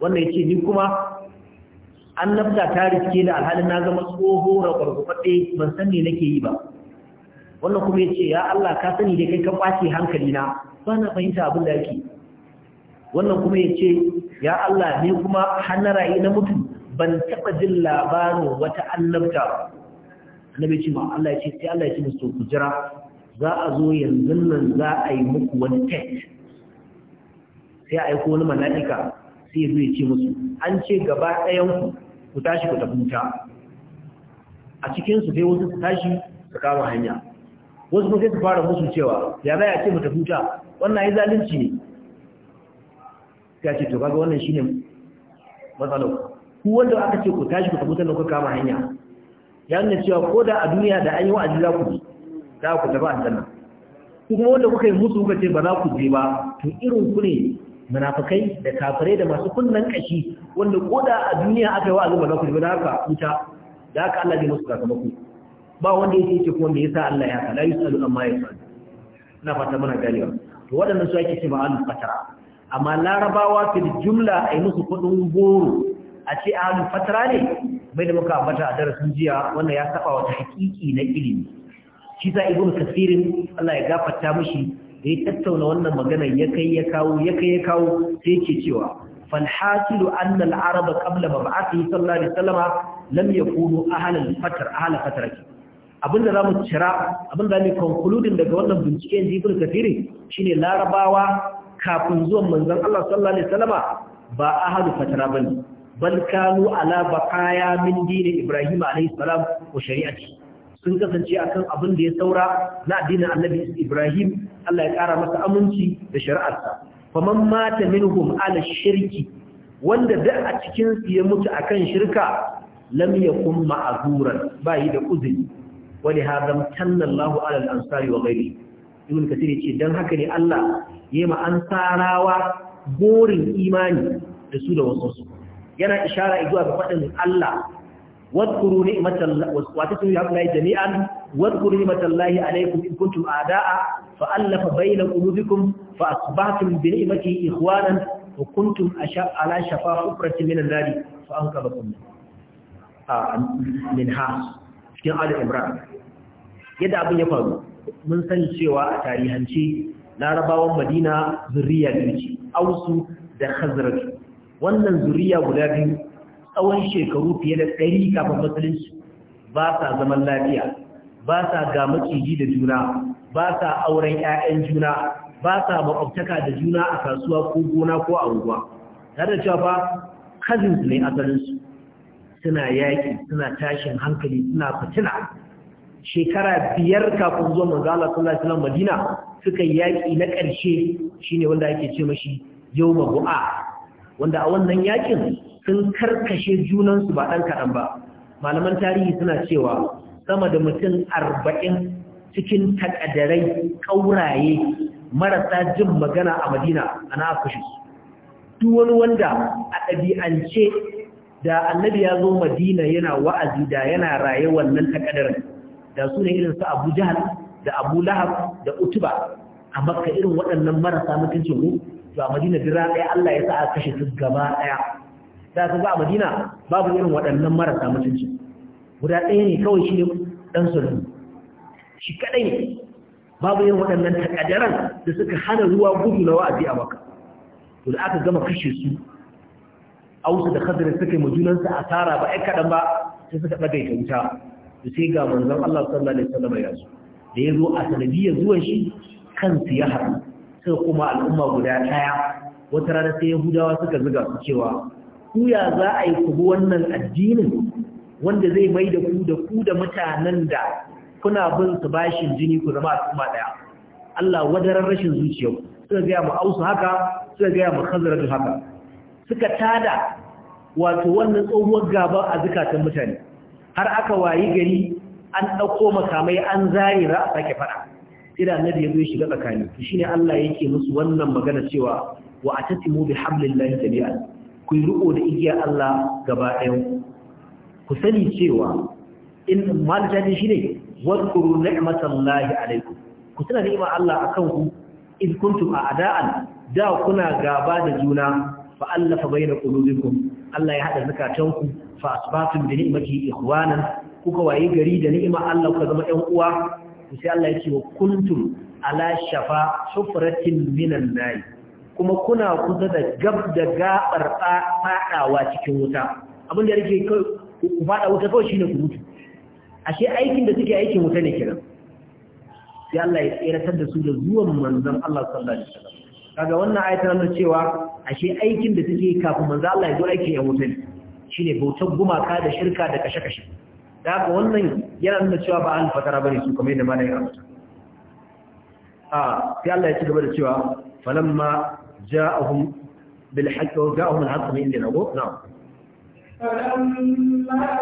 wannan yace ni kuma an nafta ta riske da alhalin na zama tsoho da kwarkwafaɗe ban san ne nake yi ba wannan kuma yace ya Allah ka sani da kai ka kwace hankali na ba na fahimta abin da yake wannan kuma yace ya Allah ni kuma har na rayu na mutum. ban taɓa jin labarin wata annabta annabi ce ma Allah ya ce sai Allah ya ce musu ku jira za a zo yanzu nan za a yi muku wani test sai a aiko wani mala'ika sai zai ce musu an ce gaba ɗayan ku tashi ku tafi wuta a cikin su sai wasu su tashi su kama hanya wasu sai su fara musu cewa ya zai a ce mu tafi wuta wannan ai zalunci ne Sai ya ce to kaga wannan shine matsalar ku wanda aka ce ku tashi ku tafi da ku kama hanya ya nuna cewa ko da a duniya da an yi wa'azi za ku za ku tafi aljanna ku kuma wanda kuka yi musu kuka ce ba za ku je ba to irin ku ne munafikai da kafirai da masu kunnan kashi wanda ko da a duniya aka yi wa'azi ba za ku je ba da haka wuta da haka Allah zai musu sakamako ba wanda yake ce ko me yasa Allah ya haka la yusalu amma sa ina fata mana ganewa to waɗannan su ake ce ba an fatara amma larabawa fil jumla ay musu kudin goro a ce ahlul fatara ne mai da muka a darasin jiya wanda ya saba wata hakiki na ilimi shi sa ibnu kasirin Allah ya gafarta mishi da ya tattauna wannan magana ya kai ya kawo ya kai ya kawo sai yake cewa fal hasilu anna al araba qabla mab'athihi sallallahu alaihi wasallama lam yakunu ahlul fatra ahlul fatra abinda za mu cira abinda ne concluding daga wannan binciken jibin kafiri shine larabawa kafin zuwan manzon Allah sallallahu alaihi wasallama ba ahadu fatara bane bal kanu ala baqaya min dini ibrahim alayhi salam wa shari'ati sun kasance akan abin da ya saura na addinin annabi ibrahim Allah ya kara masa aminci da shari'arsa faman mata minhum ala shirki wanda da a cikin su ya mutu akan shirka lam yakun ma'zuran bai da uzuri wani hadam tanna Allahu ala al-ansari wa ghairihi ibn kathir yace dan haka ne Allah yema ansarawa gorin imani da su da wasu yana ishara zuwa ga faɗin Allah wadkuru ni'matallahi wa tasbihu lillahi jami'an wadkuru ni'matallahi alaykum in kuntum a'da'a fa allafa bayna qulubikum fa asbahtum bi ni'matihi ikhwanan wa kuntum ala shafa hufratin min an-nar fa anqadhakum ha, cikin Ali Imran yadda abin ya faru mun san cewa a tarihance larabawan Madina zuriya ce Ausu da Khazraj wannan zuriya guda biyu tsawon shekaru fiye da ɗari kafin musulunci ba sa zaman lafiya ba sa ga maciji da juna ba sa auren 'ya'yan juna ba sa maƙwabtaka da juna a kasuwa ko gona ko a unguwa tare da cewa fa cousins ne asalinsu suna yaƙi suna tashin hankali suna fitina shekara biyar kafin zuwa manzala sallallahu alaihi madina suka yaƙi na ƙarshe shine wanda ake ce mashi yau mabu'a wanda a wannan yakin sun karkashe junansu ba ɗan kaɗan ba malaman tarihi suna cewa sama da mutum arba'in cikin takadarai ƙauraye marasa jin magana a madina a na duk wani wanda a ɗabi'ance da annabi ya zo madina yana wa'azi da yana raye wannan takadarai da su ne irinsu abu jihar da abu lahab da utuba a makka irin waɗannan marasa mutuncin to a madina dira ɗaya Allah ya sa a kashe su gaba ɗaya da su ba a madina babu irin waɗannan marasa mutunci guda ɗaya ne kawai shi ne ɗan sulhu shi kaɗai ne babu irin waɗannan takadaran da suka hana ruwa gudu na wa'azi a maka to da aka gama kashe su ausu da khadrin suka yi majunansu asara ba ai kaɗan ba sai suka ɗagaita wuta da sai ga manzon Allah sallallahu alaihi wasallam ya zo da ya zo a sanadiyar zuwan shi kansu ya haɗu suka kuma al'umma guda ɗaya wata rana sai yahudawa suka zuga su cewa ku ya za a yi ku wannan addinin wanda zai mai da ku da ku da mutanen da kuna bin su bashin jini ku zama al'umma ɗaya Allah wadaran rashin zuciya suka gaya mu ausu haka suka gaya mu khazratu haka suka tada wato wannan tsohuwar gaba a zukatan mutane har aka wayi gari an ɗauko makamai an zare za a sake faɗa sai da annabi ya zo ya shiga tsakani shine Allah yake musu wannan magana cewa wa atasimu bi hablillahi jami'an ku yi riko da igiyar Allah gaba ɗaya ku sani cewa in malta ne shine wadkuru ni'matallahi alaikum ku tuna ni'ima Allah akan ku in kuntum a'da'an da kuna gaba da juna fa allafa baina qulubikum Allah ya hada zakatanku fa asbatum bi ni'mati ikhwanan kuka waye gari da ni'ima Allah kuka zama ƴan uwa sai Allah yake wa kuntum ala shafa sufratin minan nayi kuma kuna kusa da gab da gabar fadawa cikin wuta abin da yake kai ku fada wuta kawai shine kuntu ashe aikin da suke aikin wuta ne kiran sai Allah ya tseratar da su da zuwan manzon Allah sallallahu alaihi wasallam kaga wannan ayata nan cewa ashe aikin da suke kafin manzon Allah ya zo aikin ya wuta ne shine bautar gumaka da shirka da kashe-kashe da haka wannan yana nuna cewa ba an bane su kamar yadda ma na yi ramata a sai Allah ya ci gaba da cewa falamma ja'ahum bil haqqi wa ja'ahum al haqqi min indina go na'am falamma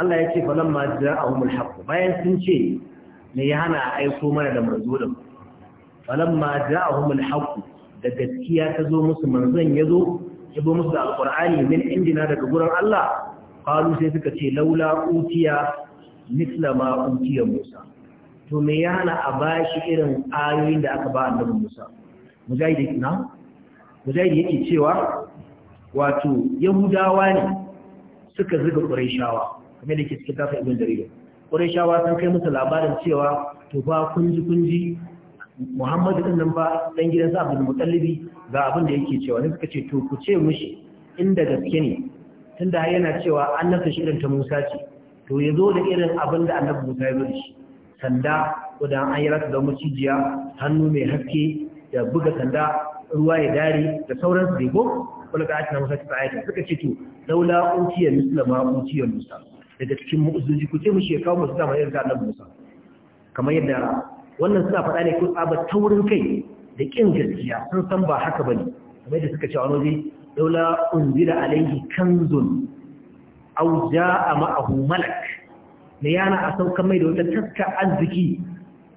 Allah ya ce falan ma umar haƙu bayan sun ce me ya hana a aiko mana da manzo din falan ma umar haƙu da gaskiya ta zo musu manzon ya zo ya bo musu da alqur'ani min indina daga gurin Allah Falu sai suka ce laula utiya misla ma ƙutiya Musa to me ya hana a ba shi irin ayoyin da aka ba annabi Musa mujahid na mujahid yake cewa wato yahudawa ne suka zuga ƙurayshawa kamar da ke cikin kafa ibn ƙwarai shawa sun kai musu labarin cewa to ba kunji kunji muhammadu ɗin nan ba ɗan gidan sa abdul mutallibi ga abin da yake cewa ne suka ce to ku ce mushi inda gaske ne tunda yana cewa annabta shi irin ta musa ce to ya zo da irin abin da annabi musa ya zo da shi sanda gudan an yi rasa da macijiya hannu mai haske da buga sanda ruwa ya dare da sauransu da go wani ga ake na musa ta ayata suka ce to laula ukiyar musulma ukiyar musa daga cikin mu'uzuji ku ce mu ya mu musu dama irin annabi Musa kamar yadda wannan suna faɗa ne ko tsaba taurin kai da kin gaskiya sun san ba haka bane kamar yadda suka ce wani waje laula unzila alaihi kanzun aw jaa ma'ahu malak ne yana a saukan mai da wata taska arziki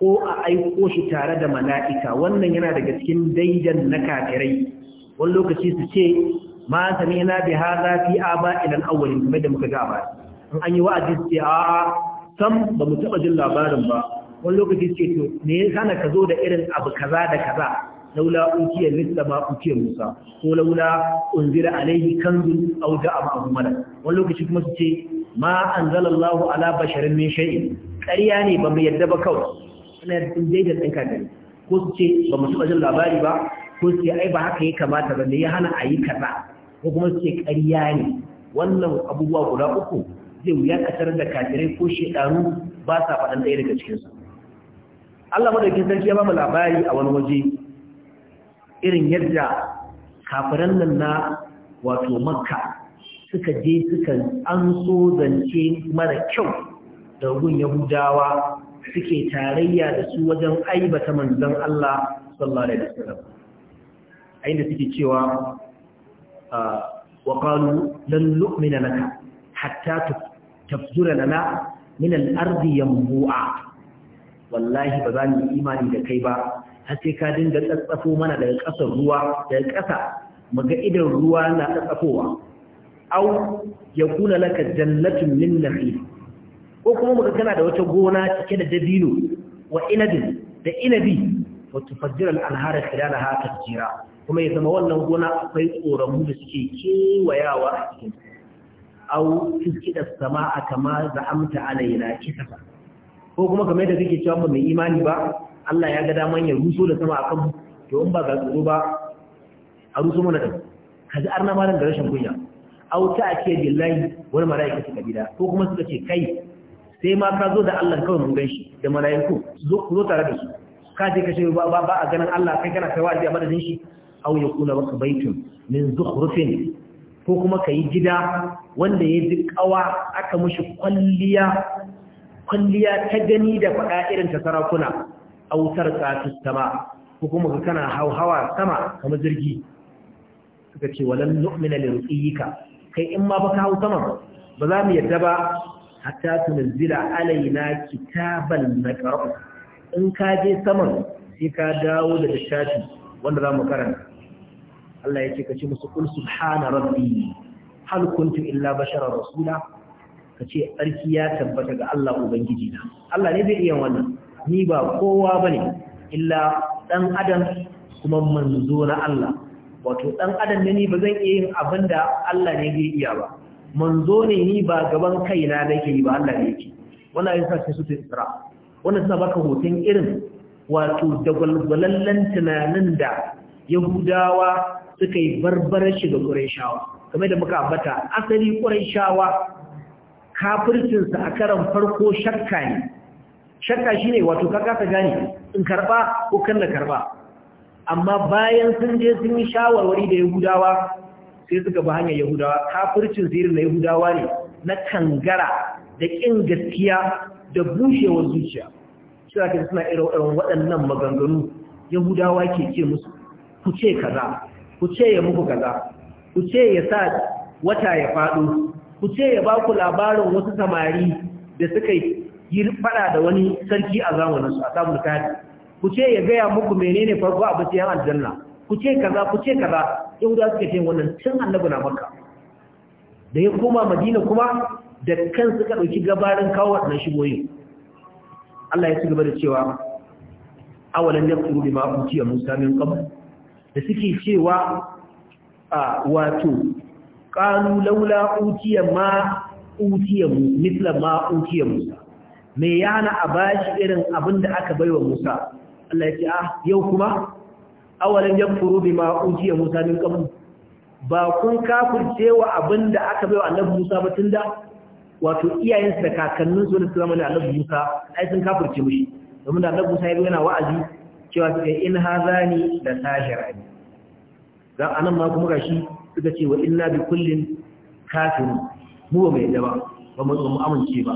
ko a aiko shi tare da mala'ika wannan yana daga cikin daidan na kafirai wani lokaci su ce ma sami yana bi haza a ba ilan awwalin kamar da muka ga ba an yi wa'azi ce a'a sam ba mu taɓa jin labarin ba wani lokaci ce to me ya sana ka zo da irin abu kaza da kaza laula ukiya misla ma ukiya musa ko laula unzira alaihi kanzun aw ja'a ma abu malak wani lokaci kuma su ce ma anzalallahu ala basharin min shay'in ƙarya ne ba mu yadda ba kawai ina in dai da tsinka gari ko su ce ba mu taɓa jin labari ba ko su ce ai ba haka ya kamata ba ne ya hana a yi kaza ko kuma su ce ƙarya ne wannan abubuwa guda uku zai wuya kasar da kafirai ko shekaru ba sa faɗin ɗaya daga cikinsu Allah madaukin sarki ya ba mu labari a wani waje irin yadda kafiran nan na wato makka suka je suka an so zance mara kyau da gun yahudawa suke tarayya da su wajen aibata manzan Allah sallallahu alaihi wasallam a inda suke cewa ah, wa qalu lan nu'mina laka hatta tafjura lana min al-ardi yanbu'a wallahi ba za mu imani da kai ba har sai ka dinga tsatsafo mana daga ƙasar ruwa daga ƙasa muga idan ruwa na tsatsafowa au yakuna laka jannatun min nakhil ko kuma mu kana da wata gona cike da dabino wa inabin da inabi wa tufajjira al-anhara khilalaha tajjira kuma ya zama wannan gona akwai tsoron da suke kewayawa a cikin au tuskida sama'a kama za'amta alaina kitafa ko kuma kamar da kake cewa mai imani ba Allah ya ga daman ya ruso da sama akan to in ba ga tsoro ba a ruso mana din kaji arna malam da rashin kunya au ta ake billahi wal malaikatu kabila ko kuma suka ce kai sai ma ka zo da Allah kawai mun ganshi da malaiku zo ku zo tare da su ka je ka ce ba ba a ganin Allah kai kana kai wa'azi a madadin shi au yakuna baka baitun min zukhrufin ko kuma ka yi gida wanda ya ji kawa aka mushi kwalliya kwalliya ta gani da faɗa irin ta sarakuna autar tsatus sama ko kuma ka kana hauhawa sama kamar jirgi suka ce walan nu'mina li ruqiyika kai in ma baka hau sama ba za mu yadda ba hatta tunzila alaina kitaban naqra in ka je saman sai ka dawo da littafi wanda za mu karanta Allah ya ce ka ce musu kul subhana rabbi hal kuntu illa bashara rasula kace ce tsarki ya tabbata ga Allah ubangiji na Allah ne zai iya wannan ni ba kowa bane illa dan adam kuma manzo na Allah wato dan adam ne ni ba zan iya yin abinda Allah ne zai iya ba manzo ne ni ba gaban kaina nake yi ba Allah ne yake wannan yasa sai su tsira wannan suna baka hoton irin wato dagwalgwalallen tunanin da yahudawa suka yi barbarar shi ga kamar da muka ambata asali ƙurayshawa kafircinsa a karan farko shakka ne shakka shi ne wato kakasa gane in karba ko kan karba karɓa amma bayan sun je sun yi shawarwari da yahudawa sai suka ba hanyar yahudawa kafircin sai na yahudawa ne na kangara da ƙin gaskiya da bushewar zuciya shi suna irin waɗannan maganganu yahudawa ke ce musu ku ce kaza ku ce ya muku kaza ku ce ya sa wata ya faɗo ku ce ya ba ku labarin wasu samari da suka yi fada da wani sarki a zamanin su a samun kari ku ce ya gaya muku menene farko a basiyan aljanna ku ce kaza ku ce kaza da suka ce wannan tun annabi na makka da ya koma madina kuma da kan suka ɗauki gabarin kawo waɗannan shigoyin Allah ya ci gaba da cewa awalan ya kuru bi ma musa min qabl da suke cewa a wato ƙanu laula utiya ma utiya mu misla ma utiya musa me yana a bashi irin abin da aka baiwa musa Allah ya ce ah yau kuma awalin ya furu bi ma utiya musa min kabu ba kun kafirce wa abin da aka baiwa annabi musa ba tunda wato iyayensa da kakanninsu su da musa ai sun kafirce mushi domin da annabi musa ya yana wa'azi cewa sai in hazani da ne. za a nan ma kuma gashi suka ce wa inna bi kullin kafin mu ba mai daba ba mu mu amince ba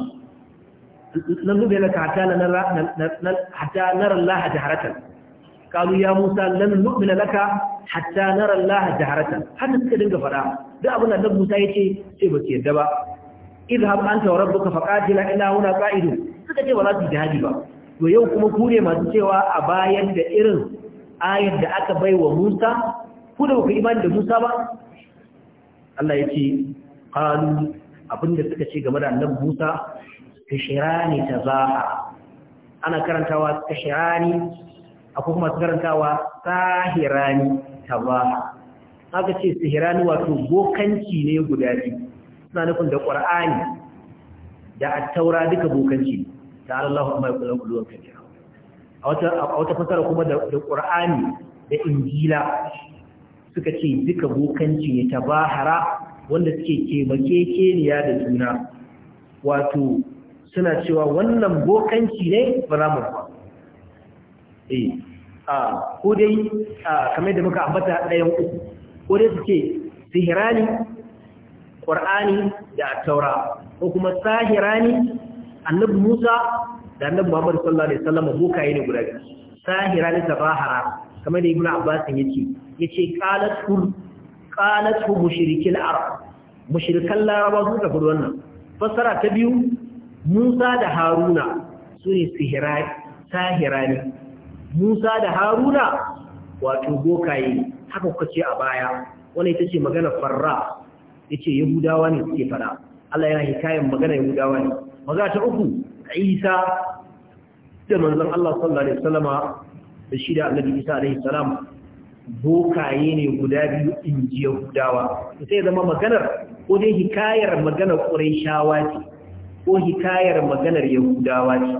nan nube na hatta na hatta nara Allah jaharatan kalu ya Musa lan nu'mina laka hatta nara Allah jaharatan haka suka dinga fada duk abin da Musa ya ce sai ba ke yadda ba idhab anta wa rabbuka faqatila ila huna ƙa'idu suka ce ba za su yi jihadi ba to yau kuma ku ne masu cewa a bayan da irin ayar da aka bai wa Musa ku da ku imani da Musa ba Allah ya ce qalu abinda suka ce game da nan Musa ta tazaha ana karantawa kashirani akwai kuma karantawa ta tazaha haka ce sihirani wato bokanci ne guda biyu suna nufin da ƙwar'ani da attaura duka bokanci ta'ala Allahu amma yaqulun qulubun kabira a wata a wata fasara kuma da Qur'ani da Injila suka ce duka bokanci ne tabahara wanda suke taimakekeniya da juna wato suna cewa wannan bokanci ne ba za mu ba eh, a ko dai kamar da muka ambata ɗayan uku ko dai suke sihirani ƙur'ani da taura ko kuma sahirani annabi Musa da annabi Muhammad sallallahu alaihi wasallam bokaye ne guda biyu sahira ne tabahara kamar da Ibn Abbas yake yace qalat hum qalat hum mushrikil arab mushrikan laraba sun tafi wannan fassara ta biyu Musa da Haruna su ne sihirai sahira ne Musa da Haruna wato bokaye haka kuka ce a baya wannan ita ce magana farra yace yahudawa ne suke fara Allah yana hikayen magana yahudawa ne maza ta uku isa da manzon Allah sallallahu alaihi wasallama da shi da annabi isa alaihi salam bokaye ne guda biyu inji yahudawa sai zama maganar ko dai hikayar maganar qurayshawa ce ko hikayar maganar yahudawa ce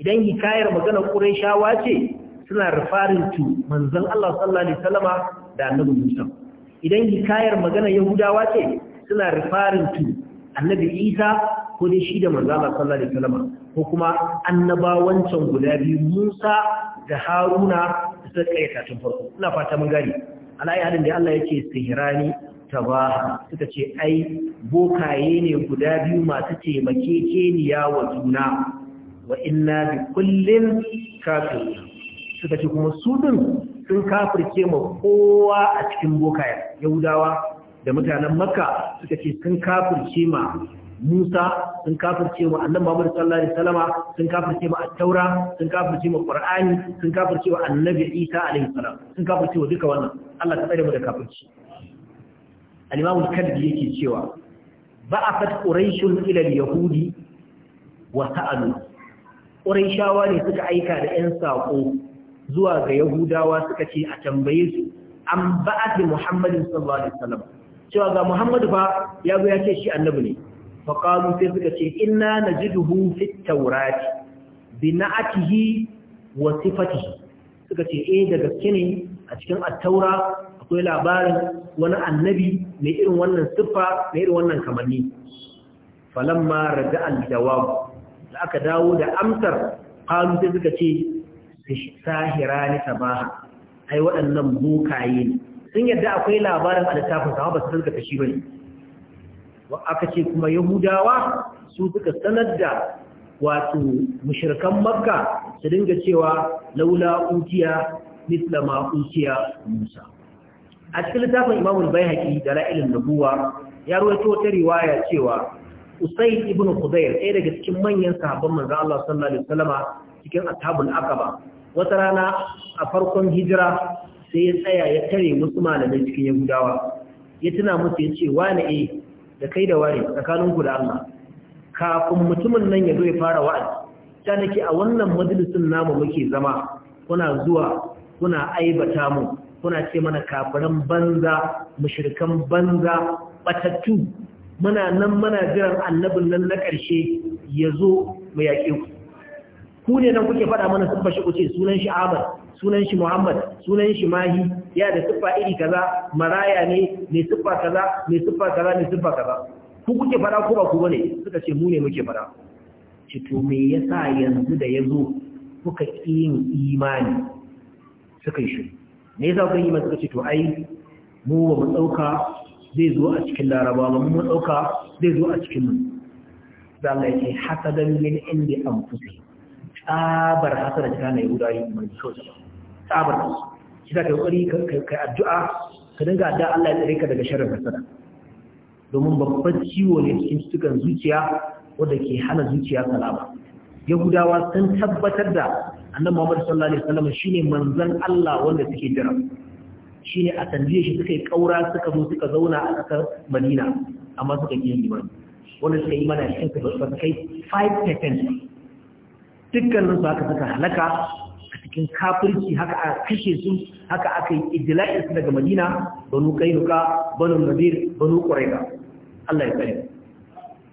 idan hikayar maganar qurayshawa ce suna rufarin tu manzon Allah sallallahu alaihi wasallama da annabi Musa idan hikayar maganar yahudawa ce suna rufarin tu annabi Isa ko dai shi da manzo Allah sallallahu alaihi wasallam ko kuma annabawancan guda biyu Musa da Haruna da suka kaita tun farko ina fata mun gari. alai hadin da Allah yake sihirani tabaha suka ce ai bokaye ne guda biyu masu taimakekeniya wa juna wa inna bi kullin kafir suka ce kuma su din sun kafirce ma kowa a cikin bokaye yahudawa da mutanen makka suka ce sun kafirce ma Musa sun kafirce wa Annabi Muhammad sallallahu alaihi wasallama sun kafirce wa At-Taura sun kafirce wa Qur'ani sun kafirce wa Annabi Isa alaihi salam sun kafirce wa duka wannan Allah ta tsare mu da kafirci Al-Imam al-Kalbi yake cewa ba'afat Quraishun ila al-Yahudi wa sa'alu Quraishawa ne suka aika da ƴan sako zuwa ga Yahudawa suka ce a tambaye su an ba'at Muhammadin sallallahu alaihi wasallam cewa ga Muhammadu fa ya ga ya ce shi annabi ne faƙalu sai suka ce ina na ji duhu fitaurati bi na'atihi wa sifatihi suka ce eh da gaske ne a cikin attaura akwai labarin wani annabi mai irin wannan siffa mai irin wannan kamanni falamma raja al-jawab da aka dawo da amsar ƙalu sai suka ce sahirani sabaha ai waɗannan bukaye ne sun yadda akwai labarin a littafin sama ba su san ka shi ne. aka ce kuma yahudawa su suka sanar da wato mushirkan makka su dinga cewa laula utiya misla ma utiya musa a cikin littafin imamul bayhaqi da la'ilin nubuwa ya rawaito ta riwaya cewa usayd ibn khudayr ɗaya daga cikin manyan sahabban manzon Allah sallallahu alaihi wasallama cikin ashabul aqaba wata rana a farkon hijira sai ya tsaya ya tare musu malamai cikin yahudawa ya tuna musu ya ce wane eh da kai da wani tsakaninku da Allah kafin mutumin nan ya zo ya fara wa'azi ta nake a wannan majalisin namu muke zama kuna zuwa kuna aibata mu kuna ce mana kafiran banza mushrikan banza batattu muna nan muna jiran annabin nan na ƙarshe ya zo mu yaƙe ku ku ne nan kuke faɗa mana sun fashe ce sunan shi Ahmad sunan shi Muhammad sunan shi Mahi ya da siffa iri kaza maraya ne ne siffa kaza ne siffa kaza ne siffa kaza ku kuke fara ko ba ku bane suka ce mu ne muke fara ce to me yasa yanzu da yazo kuka yin imani suka yi shi me yasa kuka yi imani suka ce to ai mu ba mu dauka zai zo a cikin laraba ba mu mu dauka zai zo a cikin mu da Allah yake hasadan min indi anfusihim tsabar hasara ta na yahudawa mai kyau tsabar da su shi za ka yi ƙwari ka addu'a ka dinga adda Allah ya tsare ka daga sharrin hasada domin babban ciwo ne cikin cikin zuciya wadda ke hana zuciya salama yahudawa sun tabbatar da annabi Muhammad sallallahu alaihi wasallam shine manzon Allah wanda suke jira shine a tanjiye shi suka yi kaura suka zo suka zauna a ƙasar Madina amma suka yi imani wanda suka yi mana shi suka kai 5% dukkanin su aka suka halaka a cikin kafirci haka a kashe su haka aka yi idila'in su daga madina banu kainuka banu nadir banu ƙwararra allah ya tsare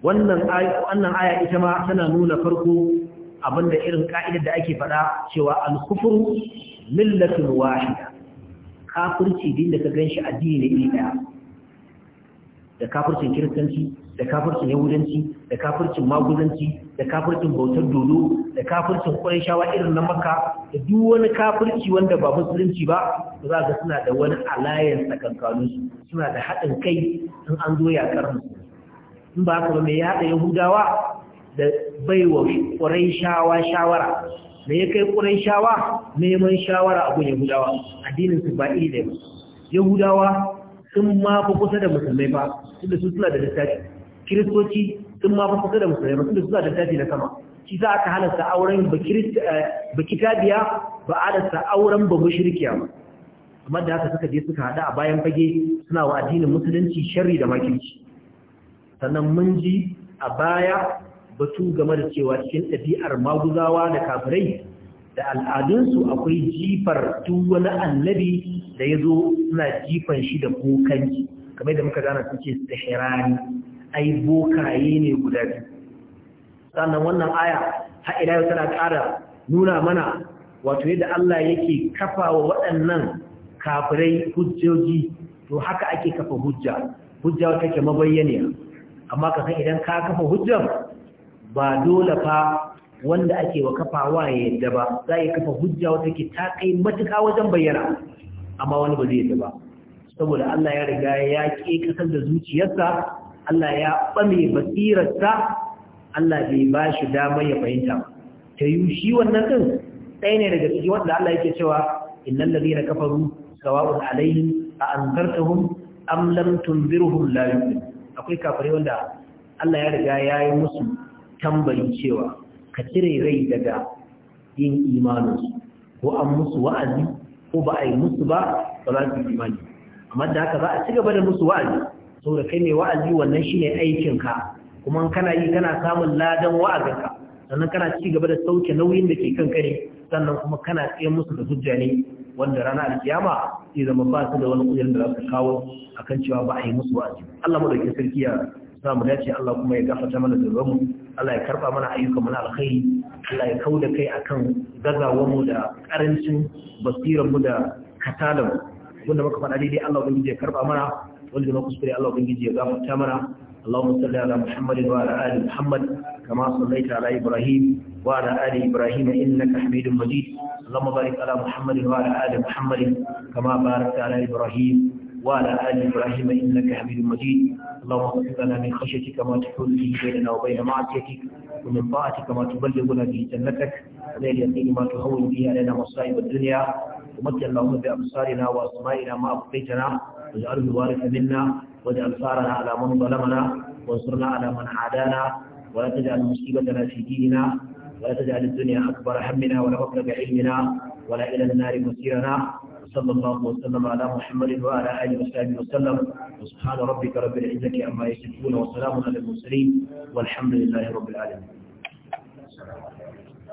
wannan aya ita ma tana nuna farko abinda irin ka'idar da ake faɗa cewa alkufuru millatun wahida kafirci din da ka gan shi addini ne ɗaya da kafircin kiristanci da kafircin yahudanci da kafircin maguzanci da kafircin bautar dodo da kafircin shawa irin na maka da duk wani kafirci wanda ba musulunci ba ba za ga suna da wani alayan tsakankaninsu suna da haɗin kai in an zo yaƙar in ba haka ba mai yaɗa yahudawa da baiwa shawa shawara da ya kai shawa neman shawara a gun yahudawa addininsu ba iri ɗaya ba yahudawa sun ma fi kusa da musulmai ba tunda su suna da littafi kiristoci sun ma kusa da musulmai ba tunda suna da tafi na sama shi za aka halasta auren eh, ba kitabiya ba halasta auren ba mushrikiya ba Amma da haka suka je suka hada a bayan fage suna wa addinin musulunci sharri da makinci sannan mun ji a baya batu game da cewa cikin ɗabi'ar maguzawa da kafirai da al'adunsu akwai jifar duk wani annabi da ya zo suna jifan shi da kokanci kamar da muka gana suke sahirani ai bokaye ne guda biyu sannan wannan aya har ila yau tana ƙara nuna mana wato yadda Allah yake kafa wa waɗannan kafirai hujjoji to haka ake kafa hujja hujja take mabayyane amma ka san idan ka kafa hujjan, ba dole fa wanda ake wa kafawa ya yadda ba za a kafa hujja wata ke ta kai matuka wajen bayyana amma wani ba zai yadda ba saboda Allah ya riga ya ƙe kasar da zuciyarsa Allah ya ɓame basirarsa Allah bai ba shi dama ya fahimta ta yi shi wannan ɗin ɗaya ne daga ciki wanda Allah yake cewa innal ladina kafaru sawa'un alaihim a anzartahum am lam tunzirhum la yu'min akwai kafare wanda Allah ya riga ya yi musu tambayi cewa ka cire rai daga yin imaninsu ko an musu wa'azi ko ba a yi musu ba ba za su yi imani amma da haka za a ci gaba da musu wa'azi saboda kai mai wa'azi wannan shi ne aikinka kuma kana yi kana samun ladan wa'azinka sannan kana ci gaba da sauke nauyin da ke kan kare sannan kuma kana tsaye musu da hujja ne wanda rana alkiyama zai zama ba su da wani kujerar da za su kawo kan cewa ba a yi musu wa'azi Allah madaukin sarki ya za mu dace Allah kuma ya gafarta mana zunubanmu Allah ya karba mana ayyukan mana alkhairi Allah ya kauda kai akan gazawar mu da karancin basiran mu da mu. wanda muka faɗa daidai Allah ubangiji ya karba mana wanda na kuskure Allah ubangi ya gafa ta mana Allahumma salli ala Muhammad wa ala ali Muhammad kama sallaita ala Ibrahim wa ala ali Ibrahim innaka Hamidum Majid Allahumma barik ala Muhammad wa ala ali Muhammad kama barakta ala Ibrahim wa ala ali Ibrahim innaka Hamidum Majid اللهم اغفر لنا من خشيتك ما تحول به بيننا وبين معصيتك ومن طاعتك ما تبلغنا به جنتك وليل اليقين ما تهون به علينا مصائب الدنيا ومتع اللهم بابصارنا واسمائنا ما ابقيتنا واجعله الوارث منا واجعل ثارنا على من ظلمنا وانصرنا على من عادانا ولا تجعل مصيبتنا في ديننا ولا تجعل الدنيا أكبر همنا ولا مبلغ علمنا ولا إلى النار مسيرنا صلى الله وسلم على محمد وعلى آله وصحبه وسلم وسبحان ربك رب العزة عما يصفون وسلام على المرسلين والحمد لله رب العالمين